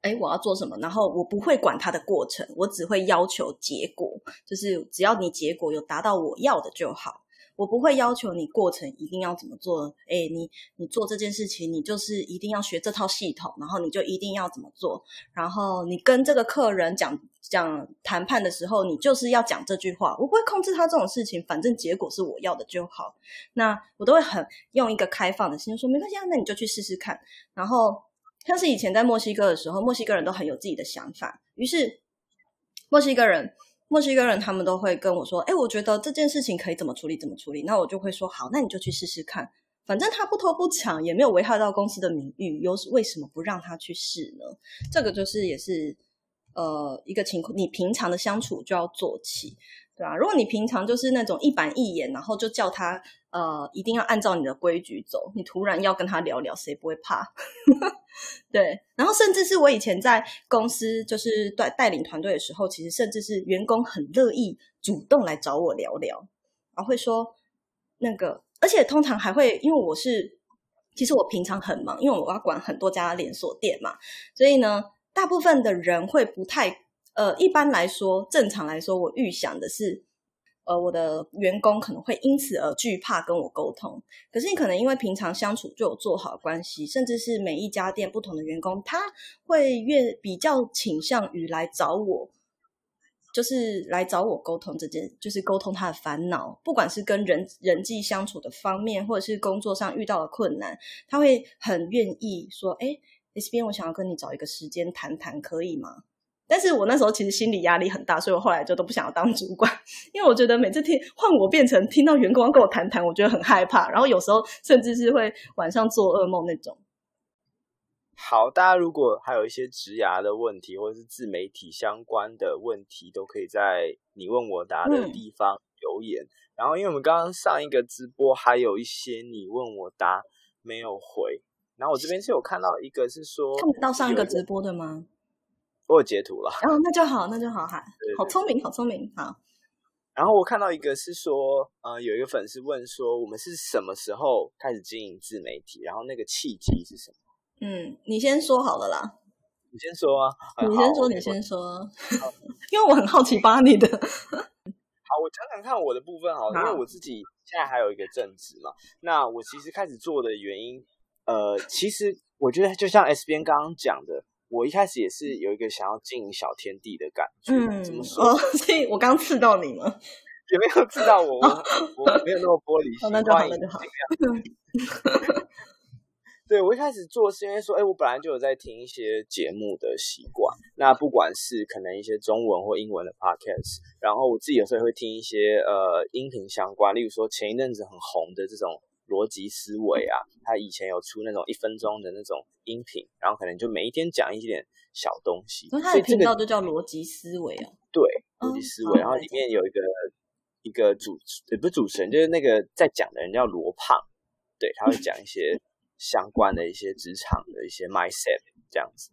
哎，我要做什麼，然後我不會管他的過程，我只會要求結果，就是只要你結果有達到我要的就好。我不會要求你過程一定要怎麼做。哎，你你做這件事情，你就是一定要學這套系統，然後你就一定要怎麼做。然後你跟這個客人講講談判的時候，你就是要講這句話。我不會控制他這種事情，反正結果是我要的就好。那我都會很用一個開放的心說，沒關係啊，那你就去試試看。然後像是以前在墨西哥的時候，墨西哥人都很有自己的想法，於是墨西哥人。墨西哥人他們都會跟我說：“哎，我覺得這件事情可以怎麼處理怎麼處理。”那我就會說：“好，那你就去試試看。反正他不偷不搶，也沒有危害到公司的名譽，又是為什麼不讓他去試呢？”這個就是也是呃一個情況，你平常的相處就要做起。對啊，如果你平常就是那種一板一眼，然後就叫他呃，一定要按照你的規矩走，你突然要跟他聊聊，誰不會怕？ 對，然後甚至是我以前在公司就是帶帶領團隊的時候，其實甚至是員工很樂意主動來找我聊聊，然後會說那個，而且通常還會因為我是，其實我平常很忙，因為我要管很多家連鎖店嘛，所以呢，大部分的人會不太。呃，一般來說，正常來說，我預想的是，呃，我的員工可能會因此而懼怕跟我溝通。可是，你可能因為平常相處就有做好的關係，甚至是每一家店不同的員工，他會越比較傾向於來找我，就是來找我溝通這件，就是溝通他的煩惱，不管是跟人人際相處的方面，或者是工作上遇到的困難，他會很願意說：“哎，S 編我想要跟你找一個時間談談，可以嗎？”但是我那時候其實心理壓力很大，所以我後來就都不想要當主管，因為我覺得每次聽換我變成聽到員工跟我談談，我覺得很害怕，然後有時候甚至是會晚上做噩夢那種。好，大家如果還有一些職涯的問題或者是自媒體相關的問題，都可以在你問我答的地方留言。嗯，然後，因為我們剛剛上一個直播還有一些你問我答沒有回，然後我這邊是有看到一個是說看不到上一個直播的嗎？我有截圖了。哦，那就好，那就好哈，對對對，好聰明，好聰明，好。然後我看到一個是說，呃，有一個粉絲問說，我們是什麼時候開始經營自媒體，然後那個契機是什麼？嗯，你先說好了啦。你先說啊，嗯、你先說，好你先說。因為我很好奇巴尼 的。好，我講講看我的部分好，啊、因為我自己現在還有一個正職嘛。那我其實開始做的原因，呃，其實我覺得就像 S 編剛剛講的。我一開始也是有一個想要經營小天地的感覺，嗯，怎麼說、哦？所以我剛刺到你了，也沒有刺到我，我,哦、我沒有那麼玻璃心。歡迎，歡迎。對，我一開始做是因為說，哎、欸，我本來就有在聽一些節目的習慣，那不管是可能一些中文或英文的 podcast，然後我自己有時候也會聽一些呃音頻相關，例如說前一陣子很紅的這種。邏輯思維啊，他以前有出那種一分鐘的那種音頻，然後可能就每一天講一點小東西。他的頻道這個、都叫邏輯思維哦、啊。對，邏輯思維，嗯、然後裡面有一個講一個主持，也不是主持人，就是那個在講的人叫羅胖，對，他會講一些相關的一些職場的一些 mindset 這樣子。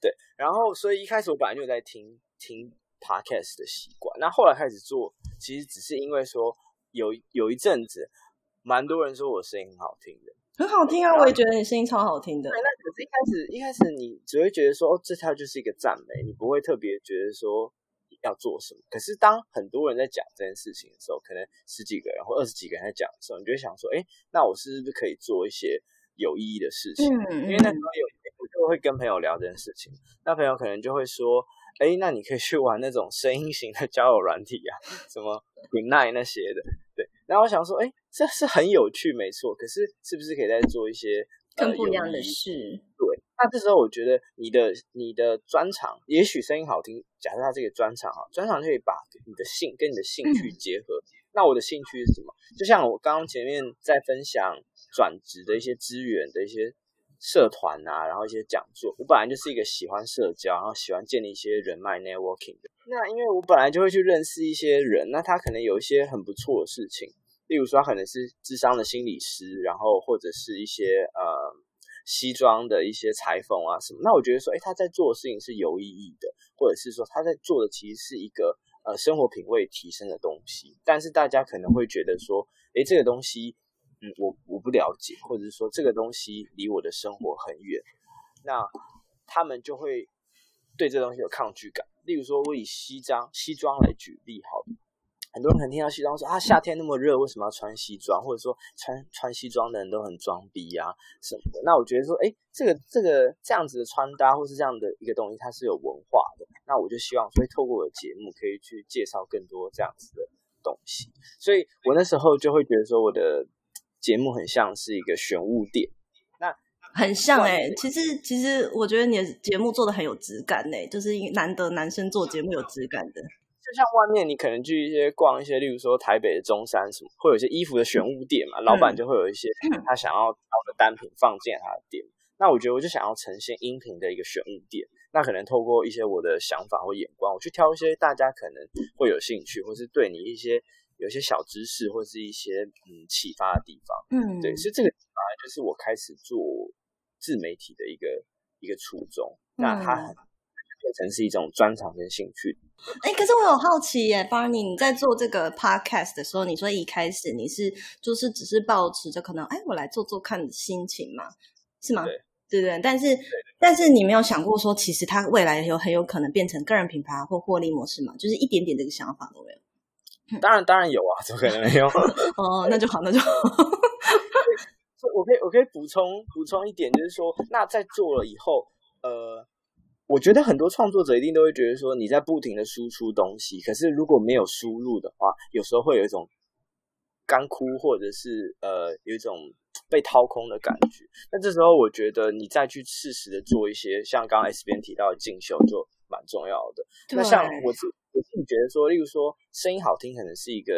對，然後所以一開始我本來就有在聽聽 podcast 的習慣，那後來開始做，其實只是因為說有有一陣子。蠻多人說我聲音很好聽的，很好聽啊！然後，我也覺得你聲音超好聽的。對，那可是一開始一開始你只會覺得說哦，這他就是一個讚美，你不會特別覺得說要做什麼。可是當很多人在講這件事情的時候，可能十幾個人或二十幾個人在講的時候，你就會想說，哎，那我是不是可以做一些有意義的事情？嗯。因為那時候有，我就會跟朋友聊這件事情，那朋友可能就會說，哎，那你可以去玩那種聲音型的交友軟體啊，什麼 Goodnight 那些的，對。然後我想說，哎，這是很有趣，沒錯。可是，是不是可以再做一些更不一樣的事、呃？誼對。那這時候，我覺得你的你的專長，也許聲音好聽。假設它這個專長哈，專長可以把你的興跟你的興趣結合。嗯、那我的興趣是什麼？就像我剛剛前面在分享轉職的一些資源的一些。社團啊，然後一些講座，我本來就是一個喜歡社交，然後喜歡建立一些人脈 networking 的。那因為我本來就會去認識一些人，那他可能有一些很不錯的事情，例如說他可能是諮商的心理師，然後或者是一些呃西裝的一些裁縫啊什麼。那我覺得說，哎、欸，他在做的事情是有意義的，或者是說他在做的其實是一個呃生活品味提升的東西，但是大家可能會覺得說，哎、欸，這個東西。我我不了解，或者是說這個東西離我的生活很遠，那他們就會對這東西有抗拒感。例如說，我以西裝西裝來舉例，好，很多人可能聽到西裝說啊，夏天那麼熱，為什麼要穿西裝？或者說穿穿西裝的人都很裝逼啊什麼的，那我覺得說，哎、欸，這個這個這樣子的穿搭，或是這樣的一個東西，它是有文化的。那我就希望所以透過我的節目，可以去介紹更多這樣子的東西。所以我那時候就會覺得說，我的。節目很像是一個選物店，那很像哎、欸。面其實，其實我覺得你的節目做得很有質感呢、欸，就是難得男生做節目有質感的。就像外面你可能去一些逛一些，例如說台北的中山什麼，會有一些衣服的選物店嘛，老闆就會有一些他想要挑的單品放進他的店。嗯、那我覺得我就想要呈現音頻的一個選物店，那可能透過一些我的想法或眼光，我去挑一些大家可能會有興趣或是對你一些。有一些小知識，或者是一些嗯啟發的地方，嗯，對，所以這個啟發就是我開始做自媒體的一個一個初衷，嗯、那它變成是一種專長跟興趣。哎、欸，可是我很好奇耶、欸，Barney，你在做這個 Podcast 的時候，你說一開始你是就是只是抱持着可能，哎、欸，我來做做看的心情嘛，是嗎？對，對對對。但是對對對但是你沒有想過說，其實它未來有很有可能變成個人品牌或獲利模式嘛？就是一點點這個想法都沒有。當然，當然有啊，怎麼可能沒有？ 哦，那就好，那就好。我 我可以我可以補充補充一點，就是說，那在做了以後，呃，我覺得很多創作者一定都會覺得說，你在不停的輸出東西，可是如果沒有輸入的話，有時候會有一種乾枯，或者是呃，有一種被掏空的感覺。那這時候，我覺得你再去適時的做一些像剛剛 S 編提到的進修，就蠻重要的。對那像我這。可是你覺得說，例如說聲音好聽，可能是一個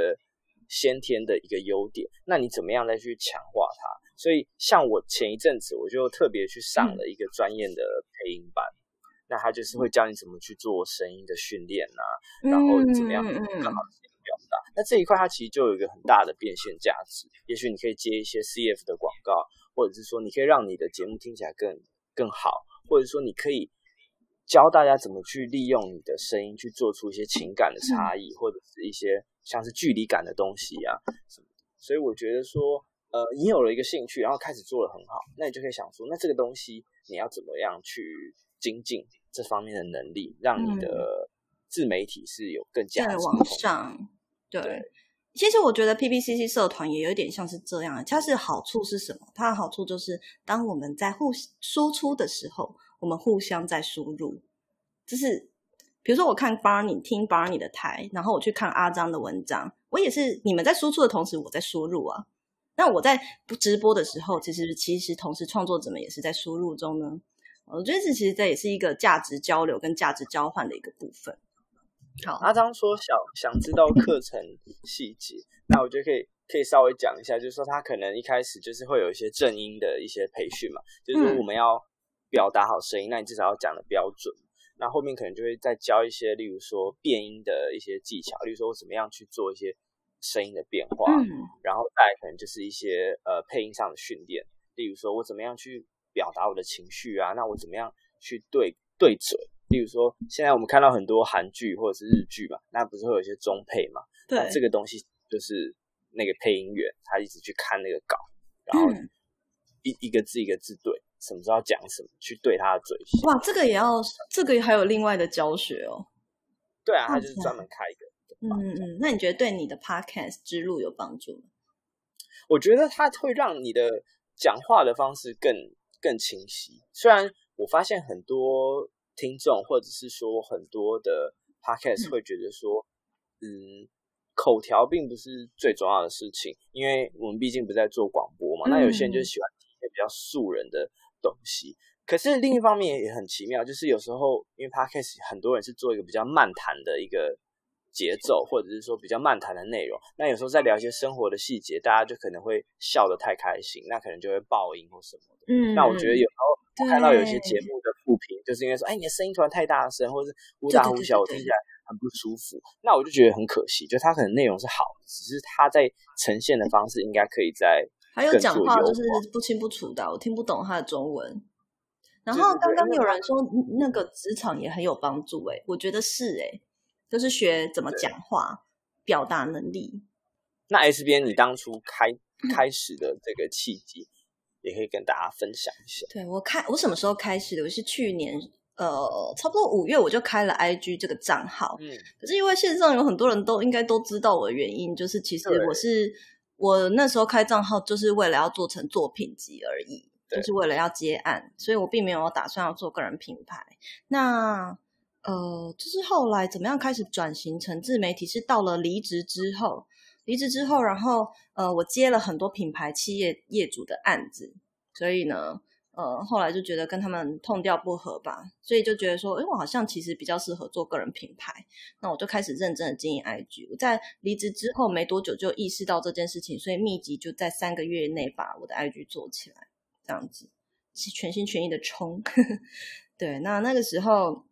先天的一個優點，那你怎麼樣再去強化它？所以像我前一陣子，我就特別去上了一個專業的配音班，嗯、那他就是會教你怎麼去做聲音的訓練啊，嗯、然後你怎麼樣更、嗯、好的表達。嗯、那這一塊它其實就有一個很大的變現價值，也許你可以接一些 CF 的廣告，或者是說你可以讓你的節目聽起來更更好，或者說你可以。教大家怎麼去利用你的聲音去做出一些情感的差異，嗯、或者是一些像是距離感的東西啊什麼的所以我覺得說，呃，你有了一個興趣，然後開始做得很好，那你就可以想說，那這個東西你要怎麼樣去精進這方面的能力，讓你的自媒體是有更加的往、嗯、上。對，對其實我覺得 P P C C 社團也有點像是這樣。它是好處是什麼？它的好處就是當我們在互輸出的時候。我們互相在輸入，就是比如說我看 Barney 聽 Barney 的台，然後我去看阿張的文章，我也是你們在輸出的同時，我在輸入啊。那我在不直播的時候，其實其實同時創作者們也是在輸入中呢。我覺得這其實這也是一個價值交流跟價值交換的一個部分。好，阿張說想想知道課程細節， 那我覺得可以可以稍微講一下，就是說他可能一開始就是會有一些正音的一些培訓嘛，就是我們要、嗯。表達好聲音，那你至少要講的標準。那後面可能就會再教一些，例如說，變音的一些技巧，例如說我怎麼樣去做一些聲音的變化，嗯、然後再可能就是一些呃配音上的訓練，例如說我怎麼樣去表達我的情緒啊，那我怎麼樣去對對準？例如說，現在我們看到很多韓劇或者是日劇嘛，那不是會有一些中配嘛？對，這個東西就是那個配音員他一直去看那個稿，然後一、嗯、一個字一個字對。什麼時候要講什麼去對他的嘴型？哇，這個也要，這個也還有另外的教學哦。對啊，他就是專門開一個。嗯嗯嗯，那你覺得對你的 podcast 之路有幫助嗎？我覺得它會讓你的講話的方式更更清晰。雖然我發現很多聽眾，或者是說很多的 podcast 會覺得說，嗯，嗯，口條並不是最重要的事情，因為我們畢竟不在做廣播嘛。嗯、那有些人就喜歡聽比較素人的。東西，可是另一方面也很奇妙，就是有時候因為 Podcast 很多人是做一個比較漫談的一個節奏，或者是說比較漫談的內容，那有時候在聊一些生活的細節，大家就可能會笑得太開心，那可能就會爆音或什麼的。嗯，那我覺得有時候我看到有些節目的負評，對就是因為說，哎，你的聲音突然太大聲，或者是忽大忽小，我聽起來很不舒服。對對對對對，那我就覺得很可惜，就他可能內容是好的，只是他在呈現的方式應該可以在。還有講話就是不清不楚的、啊，我聽不懂他的中文。然後剛剛有人說那個職場也很有幫助、欸，哎，我覺得是、欸，哎，就是學怎麼講話，對表達能力。那 S 編你當初開開始的這個契機，也可以跟大家分享一下。對，我開我什麼時候開始的？我是去年呃，差不多五月我就開了 IG 這個賬號。嗯、可是因為線上有很多人都應該都知道我的原因，就是其實我是。我那時候開賬號就是為了要做成作品集而已，對就是為了要接案，所以我並沒有打算要做個人品牌。那呃，就是後來怎麼樣開始轉型成自媒體，是到了離職之後，離職之後，然後呃，我接了很多品牌企業業主的案子，所以呢。呃，後來就覺得跟他們 tone 調不合吧，所以就覺得說，哎，我好像其實比較適合做個人品牌，那我就開始認真的經營 IG。我在離職之後沒多久就意識到這件事情，所以密集就在三個月內把我的 IG 做起來，這樣子是全心全意的衝呵呵。對，那那個時候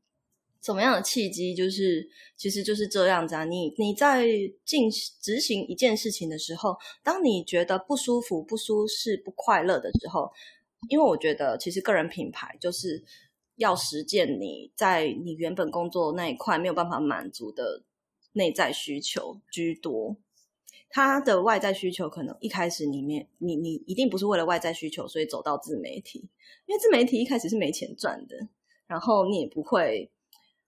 什麼樣的契機，就是其實就是這樣子啊。你你在進執行一件事情的時候，當你覺得不舒服、不舒適、不快樂的時候。因為我覺得，其實個人品牌就是要實踐你在你原本工作那一塊沒有辦法滿足的內在需求居多，他的外在需求可能一開始，裡面你你一定不是為了外在需求，所以走到自媒體，因為自媒體一開始是沒錢賺的，然後你也不會。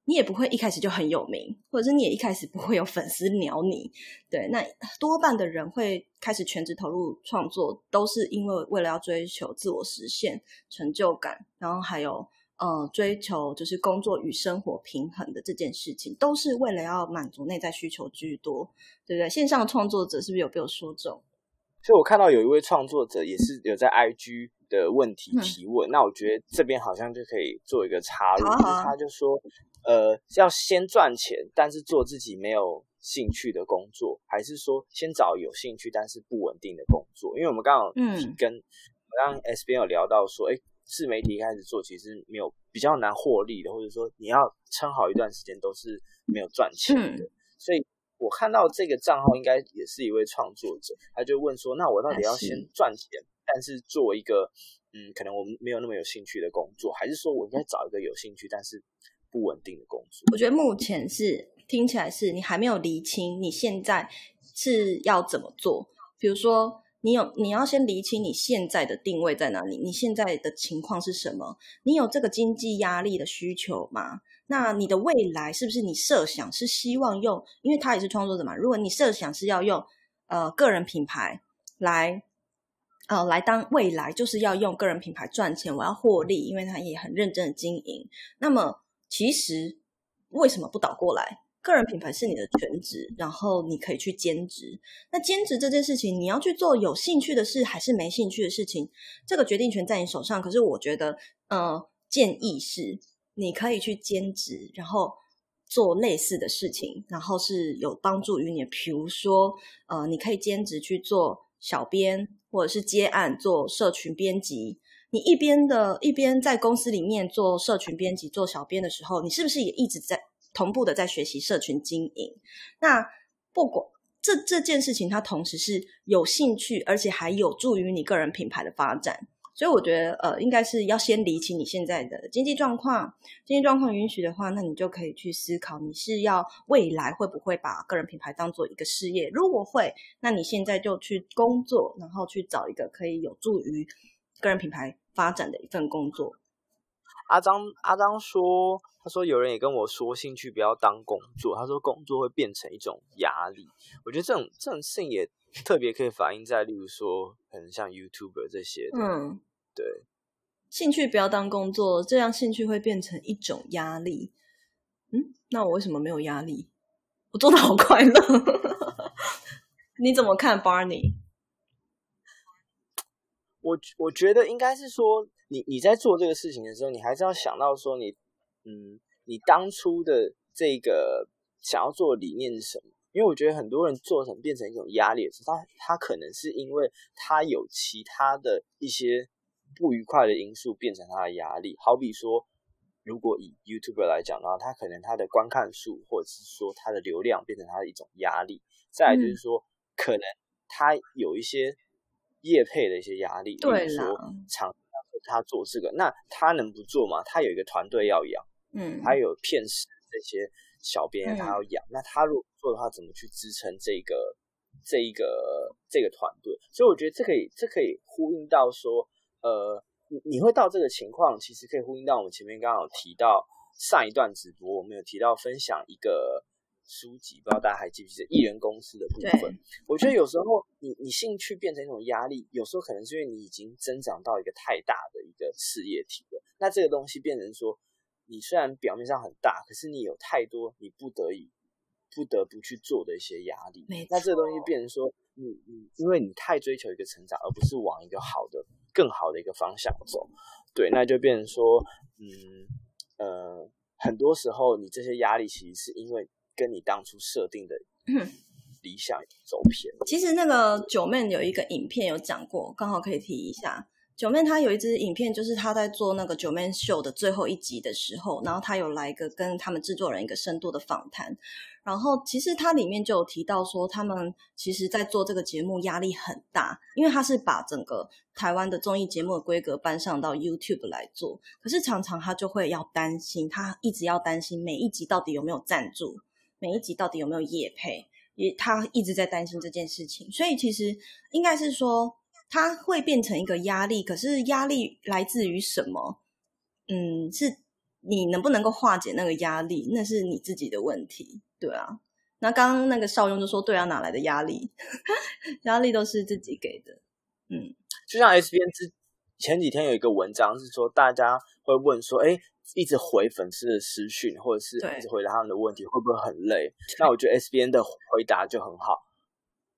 你也不會一開始就很有名，或者是你也一開始不會有粉絲鳥你，對？那多半的人會開始全職投入創作，都是因為為了要追求自我實現、成就感，然後還有呃追求就是工作與生活平衡的這件事情，都是為了要滿足內在需求居多，對不對？線上的創作者是不是有被我說中？所以我看到有一位創作者也是有在 IG 的問題提問，嗯，那我覺得這邊好像就可以做一個插入，好啊好啊，他就說。呃，要先賺錢，但是做自己沒有興趣的工作，還是說先找有興趣但是不穩定的工作？因為我們剛剛跟嗯跟剛剛 S 編、嗯、有聊到說，哎，自媒體一開始做其實沒有比較難獲利的，或者說你要撐好一段時間都是沒有賺錢的。嗯、所以我看到這個賬號應該也是一位創作者，他就問說，那我到底要先賺錢，是但是做一個嗯可能我們沒有那麼有興趣的工作，還是說我應該找一個有興趣但是？不穩定的工作，我覺得目前是聽起來是你還沒有理清你現在是要怎麼做。比如說，你有你要先理清你現在的定位在哪裡，你現在的情況是什麼？你有這個經濟壓力的需求嗎？那你的未來是不是你設想是希望用？因為他也是創作者嘛。如果你設想是要用呃個人品牌來呃來當未來，就是要用個人品牌賺錢，我要獲利，因為他也很認真的經營。那麼。其實為什麼不倒過來？個人品牌是你的全職，然後你可以去兼職。那兼職這件事情，你要去做有興趣的事還是沒興趣的事情，這個決定權在你手上。可是我覺得，呃，建議是你可以去兼職，然後做類似的事情，然後是有幫助於你。比如說，呃，你可以兼職去做小編，或者是接案做社群編輯。你一邊的，一邊在公司裡面做社群編輯、做小編的時候，你是不是也一直在同步的在學習社群經營？那不管這這件事情，它同時是有興趣，而且還有助於你個人品牌的發展。所以我覺得，呃，應該是要先理清你現在的經濟狀況。經濟狀況允許的話，那你就可以去思考，你是要未來會不會把個人品牌當做一個事業？如果會，那你現在就去工作，然後去找一個可以有助於個人品牌發展的一份工作，阿張阿張說，他說有人也跟我說，興趣不要當工作，他說工作會變成一種壓力。我覺得這種這種事情也特別可以反映在，例如說，可能像 YouTuber 這些的，嗯，對，興趣不要當工作，這樣興趣會變成一種壓力。嗯，那我為什麼沒有壓力？我做的好快樂。 你怎麼看，Barney？我我覺得應該是說你，你你在做這個事情的時候，你還是要想到說你，你嗯，你當初的這個想要做的理念是什麼？因為我覺得很多人做成變成一種壓力，他他可能是因為他有其他的一些不愉快的因素變成他的壓力。好比說，如果以 YouTuber 來講的話，他可能他的觀看數或者是說他的流量變成他的一種壓力。再來就是說，嗯，可能他有一些。業配的一些壓力，對，如說廠他做這個，啦那他能不做嗎？他有一個團隊要養，嗯，還有片師這些小編他要養，嗯、那他如果做的話，怎麼去支撐這個這一個這個團隊、這個？所以我覺得這可以這可以呼應到說，呃，你你會到這個情況，其實可以呼應到我們前面剛剛有提到上一段直播，我們有提到分享一個。書籍，不知道大家還記不記得一人公司的部分？對我覺得有時候你你興趣變成一種壓力，有時候可能是因為你已經增長到一個太大的一個事業體了。那這個東西變成說，你雖然表面上很大，可是你有太多你不得已不得不去做的一些壓力。錯那這個東西變成說你，你你因為你太追求一個成長，而不是往一個好的、更好的一個方向走，對，那就變成說，嗯呃，很多時候你這些壓力其實是因為。跟你當初設定的理想走偏，嗯，其實那個 Joeman 有一個影片有講過，剛好可以提一下。 Joeman 她有一支影片，就是她在做那個 Joeman Show 的最後一集的時候，然後她有來一個跟他們製作人一個深度的訪談。然後其實他裡面就有提到說，他們其實在做這個節目壓力很大，因為他是把整個台灣的綜藝節目的規格搬上到 YouTube 來做，可是常常他就會要擔心，他一直要擔心每一集到底有沒有贊助，每一集到底有沒有業配，也他一直在擔心這件事情，所以其實應該是說，他會變成一個壓力。可是壓力來自於什麼？嗯，是你能不能夠化解那個壓力，那是你自己的問題，對啊。那剛剛那個少庸就說，對啊，哪來的壓力？壓力都是自己給的。嗯，就像 SBN 之前幾天有一個文章是說，大家會問說，哎、欸。一直回粉絲的私訊，或者是一直回答他們的問題，對會不會很累？那我覺得 S 編的回答就很好，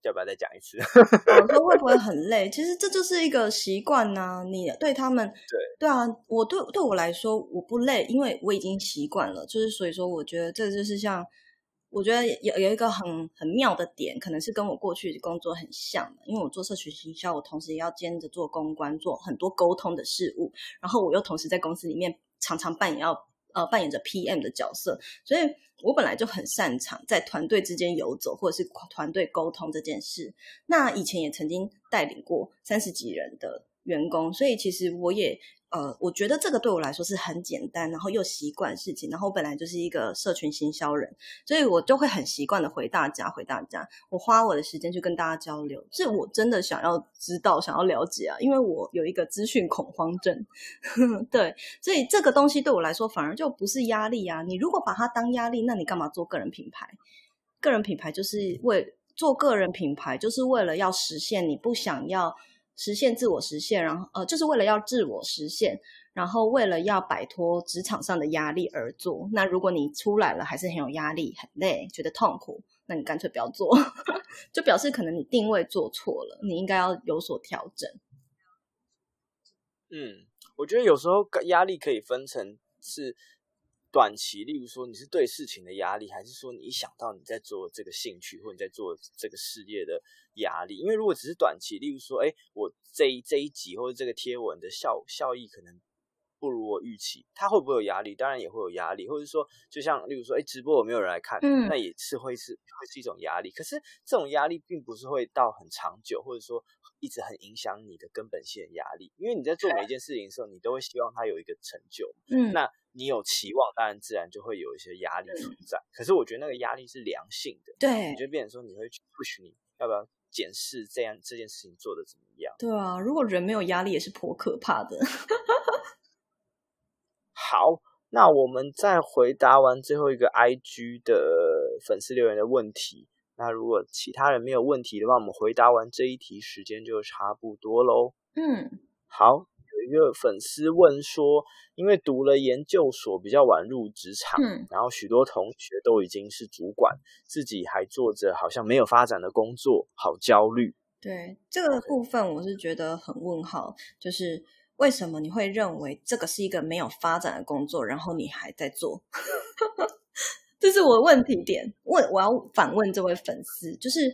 對要不要再講一次？啊，我說，會不會很累？ 其實這就是一個習慣吶。你對他們，對對啊，我對對我來說我不累，因為我已經習慣了。就是所以說，我覺得這就是像我覺得有有一個很很妙的點，可能是跟我過去的工作很像的，因為我做社群營銷，我同時也要兼着做公關，做很多溝通的事務，然後我又同時在公司裡面。常常扮演要呃扮演着 PM 的角色，所以我本來就很擅長在團隊之間遊走，或者是團隊溝通這件事。那以前也曾經帶領過三十幾人的員工，所以其實我也。呃，我覺得這個對我來說是很簡單，然後又習慣事情。然後我本來就是一個社群行銷人，所以我就會很習慣的回大家，回大家。我花我的時間去跟大家交流，是我真的想要知道、想要了解啊。因為我有一個資訊恐慌症，呵呵，對，所以這個東西對我來說反而就不是壓力啊。你如果把它當壓力，那你幹嘛做個人品牌？個人品牌就是為做個人品牌，就是為了要實現你不想要。實現自我實現，然後呃，就是為了要自我實現，然後為了要擺脫職場上的壓力而做。那如果你出來了還是很有壓力、很累、覺得痛苦，那你乾脆不要做， 就表示可能你定位做錯了，你應該要有所調整。嗯，我覺得有時候壓力可以分成是。短期，例如說你是對事情的壓力，還是說你一想到你在做這個興趣或者你在做這個事業的壓力？因為如果只是短期，例如說，哎，我這一這一集或者這個貼文的效效益可能不如我預期，它會不會有壓力？當然也會有壓力，或者說，就像例如說，哎，直播我沒有人來看，嗯，那也是會是會是一種壓力。可是這種壓力並不是會到很長久，或者說。一直很影響你的根本性壓力，因為你在做每一件事情的時候，啊、你都會希望它有一個成就。嗯，那你有期望，當然自然就會有一些壓力存在。嗯、可是我覺得那個壓力是良性的，對，你就變成說你會去不許你要不要檢視這樣這件事情做的怎麼樣？對啊，如果人沒有壓力也是頗可怕的。 好，那我們再回答完最後一個 IG 的粉絲留言的問題。那如果其他人沒有問題的話，我們回答完這一題，時間就差不多嘍。嗯，好，有一個粉絲問說，因為讀了研究所比較晚入職場，嗯、然後許多同學都已經是主管，自己還做着好像沒有發展的工作，好焦慮。對這個部分，我是覺得很問號，就是為什麼你會認為這個是一個沒有發展的工作，然後你還在做？ 這是我的問題點，問我，我要反問這位粉絲，就是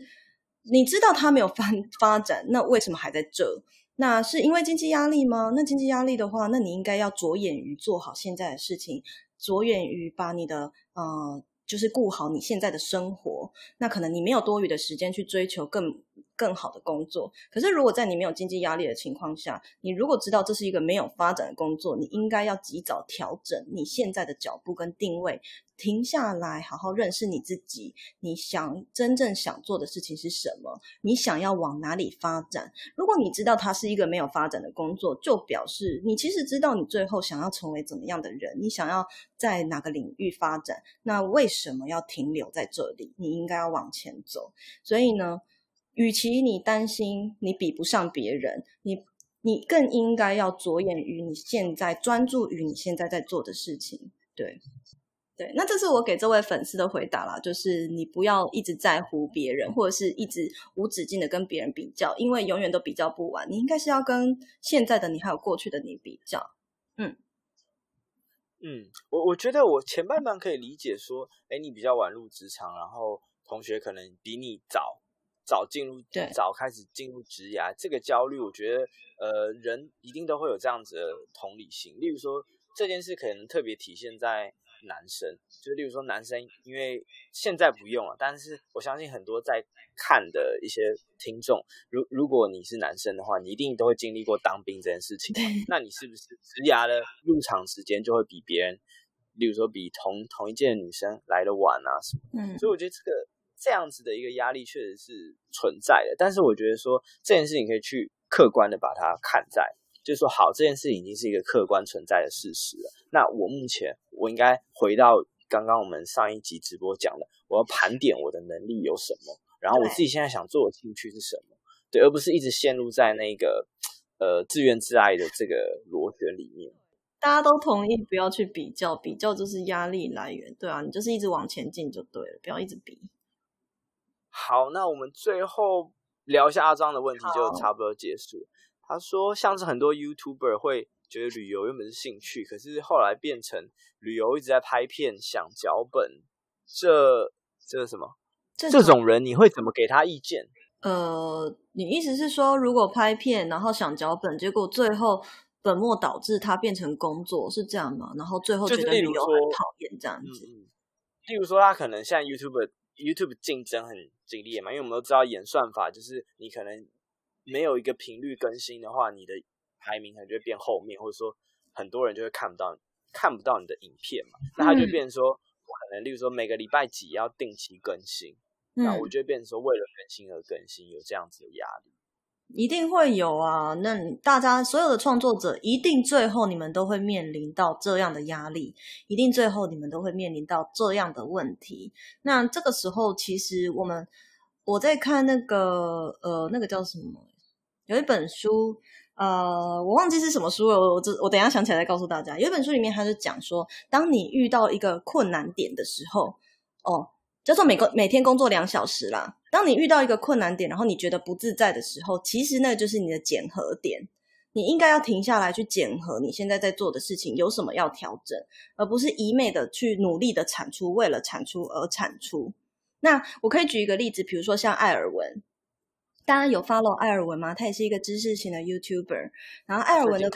你知道他沒有發發展，那為什麼還在這？那是因為經濟壓力嗎？那經濟壓力的話，那你應該要着眼於做好現在的事情，着眼於把你的呃，就是顧好你現在的生活。那可能你沒有多餘的時間去追求更更好的工作。可是，如果在你沒有經濟壓力的情況下，你如果知道這是一個沒有發展的工作，你應該要及早調整你現在的腳步跟定位，停下來好好認識你自己，你想真正想做的事情是什麼？你想要往哪裡發展？如果你知道它是一個沒有發展的工作，就表示你其實知道你最後想要成為怎麼樣的人，你想要在哪個領域發展，那為什麼要停留在這裡？你應該要往前走。所以呢，與其你擔心你比不上別人，你你更應該要着眼於你現在，專注於你現在在做的事情。對對，那這是我給這位粉絲的回答啦，就是你不要一直在乎別人，或者是一直無止境的跟別人比較，因為永遠都比較不完。你應該是要跟現在的你還有過去的你比較。嗯嗯，我我覺得我前半段可以理解說，哎，你比較晚入職場，然後同學可能比你早。早進入，對早開始進入職涯，這個焦慮，我覺得，呃，人一定都會有這樣子的同理心。例如說，這件事可能特別體現在男生，就是、例如說男生，因為現在不用了，但是我相信很多在看的一些聽眾，如果如果你是男生的話，你一定都會經歷過當兵這件事情。對那你是不是職涯的入場時間就會比別人，例如說比同同一屆的女生來的晚啊什麼？嗯，所以我覺得這個。這樣子的一個壓力確實是存在的，但是我覺得說這件事情可以去客觀的把它看在，就是說好，這件事情已經是一個客觀存在的事實了。那我目前我應該回到剛剛我們上一集直播講的，我要盤點我的能力有什麼，然後我自己現在想做的興趣是什麼，對，對，而不是一直陷入在那個呃自怨自艾的這個螺旋裡面。大家都同意不要去比較，比較就是壓力來源，對啊，你就是一直往前進就對了，不要一直比。好，那我們最後聊一下阿張的問題，就差不多結束。好他說，像是很多 YouTuber 會覺得旅遊原本是興趣，可是後來變成旅遊一直在拍片、想腳本，這、這什麼？這種，這種人你會怎麼給他意見？呃，你意思是說，如果拍片然後想腳本，結果最後本末倒置他變成工作，是這樣嗎？然後最後就就說覺得旅遊很討厭這樣子。嗯、譬如說，他可能像 YouTuber。YouTube 競爭很激烈嘛，因為我們都知道演算法，就是你可能沒有一個頻率更新的話，你的排名可能就會變後面，或者說很多人就會看不到看不到你的影片嘛，那它就變成說，嗯、我可能例如說每個禮拜幾要定期更新，然後我就變成說為了更新而更新，有這樣子的壓力。一定會有啊！那大家所有的創作者，一定最後你們都會面臨到這樣的壓力，一定最後你們都會面臨到這樣的問題。那這個時候，其實我們我在看那個呃，那個叫什麼？有一本書，呃，我忘記是什麼書了。我這我等一下想起來再告訴大家。有一本書裡面它是講說，當你遇到一個困難點的時候，哦，叫做每個每天工作兩小時啦。當你遇到一個困難點，然後你覺得不自在的時候，其實那就是你的檢核點。你應該要停下來去檢核你現在在做的事情，有什麼要調整，而不是一昧的去努力的產出，為了產出而產出。那我可以舉一個例子，比如說像艾爾文，大家有 follow 艾爾文嗎？他也是一個知識型的 YouTuber，然後艾爾文的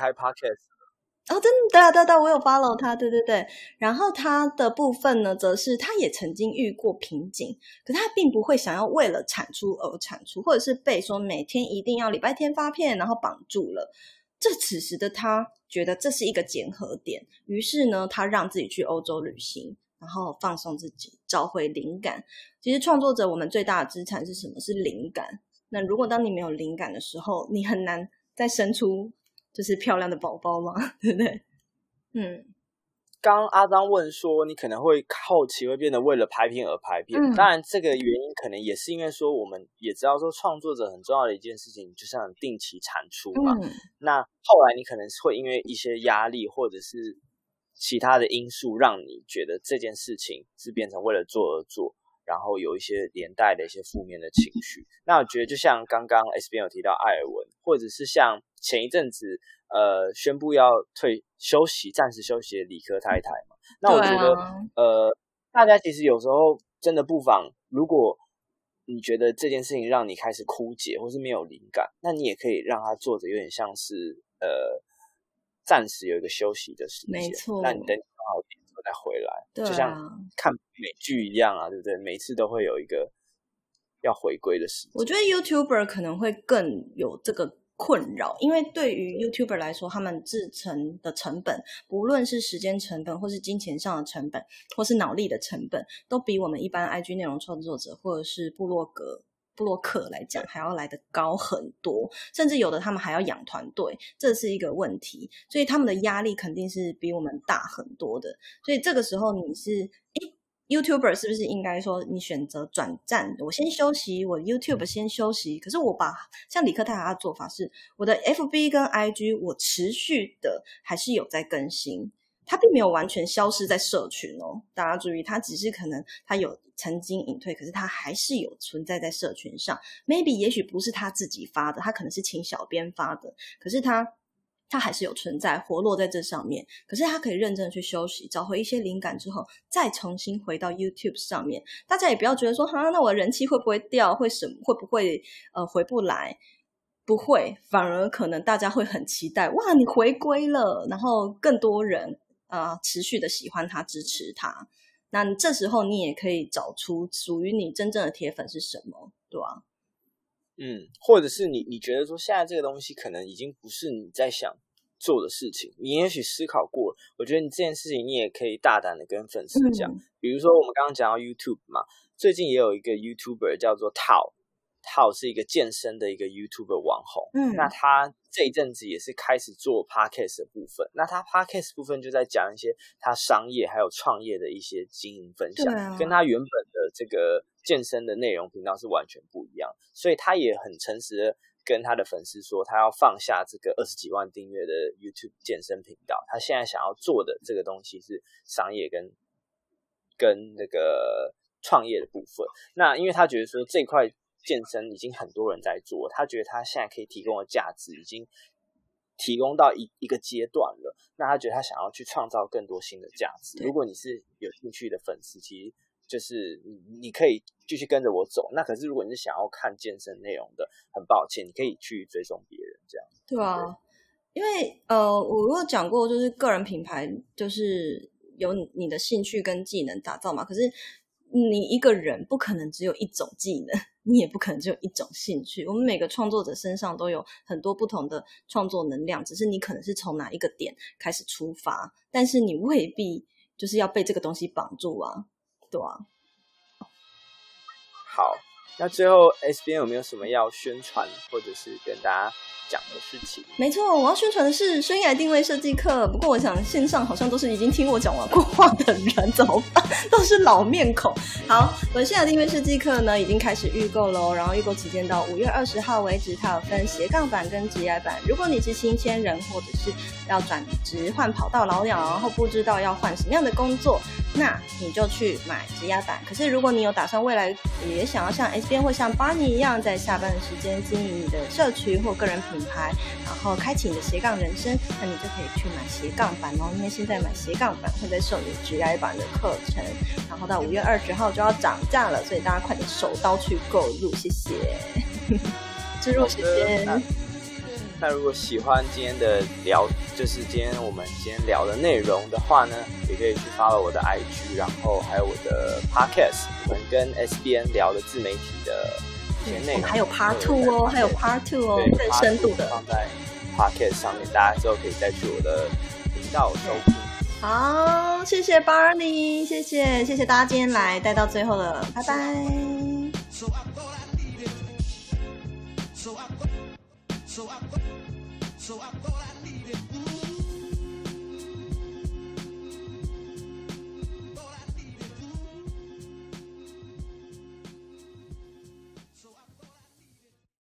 哦，真的對啊，對啊，對啊，我有 follow 他，對對對。然後他的部分呢，則是他也曾經遇過瓶頸，可他並不會想要為了產出而產出，或者是被說每天一定要禮拜天發片，然後綁住了。這此時的他覺得這是一個結合點，於是呢，他讓自己去歐洲旅行，然後放鬆自己，找回靈感。其實創作者我們最大的資產是什麼？是靈感。那如果當你沒有靈感的時候，你很難再生出。就是漂亮的寶寶嘛，對不對？嗯。剛剛阿張問說，你可能會好奇，會變得為了拍片而拍片。嗯、當然，這個原因可能也是因為說，我們也知道說，創作者很重要的一件事情就像定期產出嘛。嗯、那後來你可能會因為一些壓力，或者是其他的因素，讓你覺得這件事情是變成為了做而做。然後有一些連帶的一些負面的情緒，那我覺得就像剛剛 S 編有提到艾爾文，或者是像前一陣子呃宣布要退休息，暫時休息的理科太太嘛，那我覺得、啊、呃，大家其實有時候真的不妨，如果你覺得這件事情讓你開始枯竭或是沒有靈感，那你也可以讓他做的有點像是呃暫時有一個休息的時間，沒錯那你等做好，好。再回來，對啊，就像看美劇一樣啊，對不對？每次都會有一個要回歸的時間。我覺得 YouTuber 可能會更有這個困擾，因為對於 YouTuber 來說，他們制成的成本，不論是時間成本，或是金錢上的成本，或是腦力的成本，都比我們一般 IG 內容創作者或者是部落格。部落客來講還要來得高很多，甚至有的他們還要養團隊，這是一個問題，所以他們的壓力肯定是比我們大很多的。所以這個時候你是誒，YouTuber 是不是應該說你選擇轉戰？我先休息，我 YouTube 先休息。可是我把像理科太太他的做法是，我的 FB 跟 IG 我持續的還是有在更新。他並沒有完全消失在社群哦，大家注意，他只是可能他有曾經隱退，可是他還是有存在在社群上。Maybe 也許不是他自己發的，他可能是請小編發的，可是他他還是有存在活絡在這上面。可是他可以認真的去休息，找回一些靈感之後，再重新回到 YouTube 上面。大家也不要覺得說，哈，那我的人氣會不會掉？會什麼會不會呃回不來？不會，反而可能大家會很期待，哇，你回歸了，然後更多人，啊、呃，持續的喜歡他，支持他。那這時候你也可以找出屬於你真正的鐵粉是什麼，對吧？嗯，或者是你你覺得說現在這個東西可能已經不是你在想做的事情，你也許思考過。我覺得你這件事情，你也可以大膽的跟粉絲講。嗯、比如說我們剛剛講到 YouTube 嘛，最近也有一個 YouTuber 叫做 Tao。他是一個健身的一個 YouTuber 網紅，嗯，那他這一陣子也是開始做 Podcast 的部分。那他 Podcast 部分就在講一些他商業還有創業的一些經營分享，嗯、跟他原本的這個健身的內容頻道是完全不一樣。所以他也很誠實的跟他的粉絲說，他要放下這個二十幾萬訂閱的 YouTube 健身頻道，他現在想要做的這個東西是商業跟跟那個創業的部分。那因為他覺得說這塊。健身已經很多人在做，他覺得他現在可以提供的價值已經提供到一一個階段了，那他覺得他想要去創造更多新的價值。對如果你是有興趣的粉絲，其實就是你可以繼續跟着我走。那可是如果你是想要看健身內容的，很抱歉，你可以去追蹤別人這樣。對啊吧，對因為呃，我如果講過，就是個人品牌就是有你的興趣跟技能打造嘛，可是。你一個人不可能只有一種技能，你也不可能只有一種興趣。我們每個創作者身上都有很多不同的創作能量，只是你可能是從哪一個點開始出發，但是你未必就是要被這個東西綁住啊，對吧、啊？好，那最後 S 編有沒有什麼要宣傳或者是跟大家？講的事情沒錯，我要宣傳的是生涯定位設計課。不過我想線上好像都是已經聽我講完過話的人，怎麼辦？ 都是老面孔。好，我的生涯定位設計課呢，已經開始預購嘍。然後預購期間到五月二十號為止，它有分斜槓版跟職涯版。如果你是新鮮人，或者是要轉職換跑道老鳥，然後不知道要換什麼樣的工作，那你就去買職涯版。可是如果你有打算未來也想要像 S 編或像巴尼一樣，在下班的時間經營你的社群或個人平。牌，然後開啟你的斜槓人生，那你就可以去買斜槓版哦，因為現在買斜槓版會再送你 G I 版的課程，然後到五月二十號就要漲價了，所以大家快點手刀去購入，謝謝 置入時間。那。那如果喜歡今天的聊，就是今天我們今天聊的內容的話呢，也可以去 follow 我的 IG，然後還有我的 Podcast，我們跟 SBN 聊的自媒體的，我們還有 Part Two 哦，還有 Part Two 哦，更深度的放在 Podcast 上面，大家之後可以再去我的頻道收聽。好，謝謝 Barney，謝謝謝謝大家今天來待到最後了，拜拜。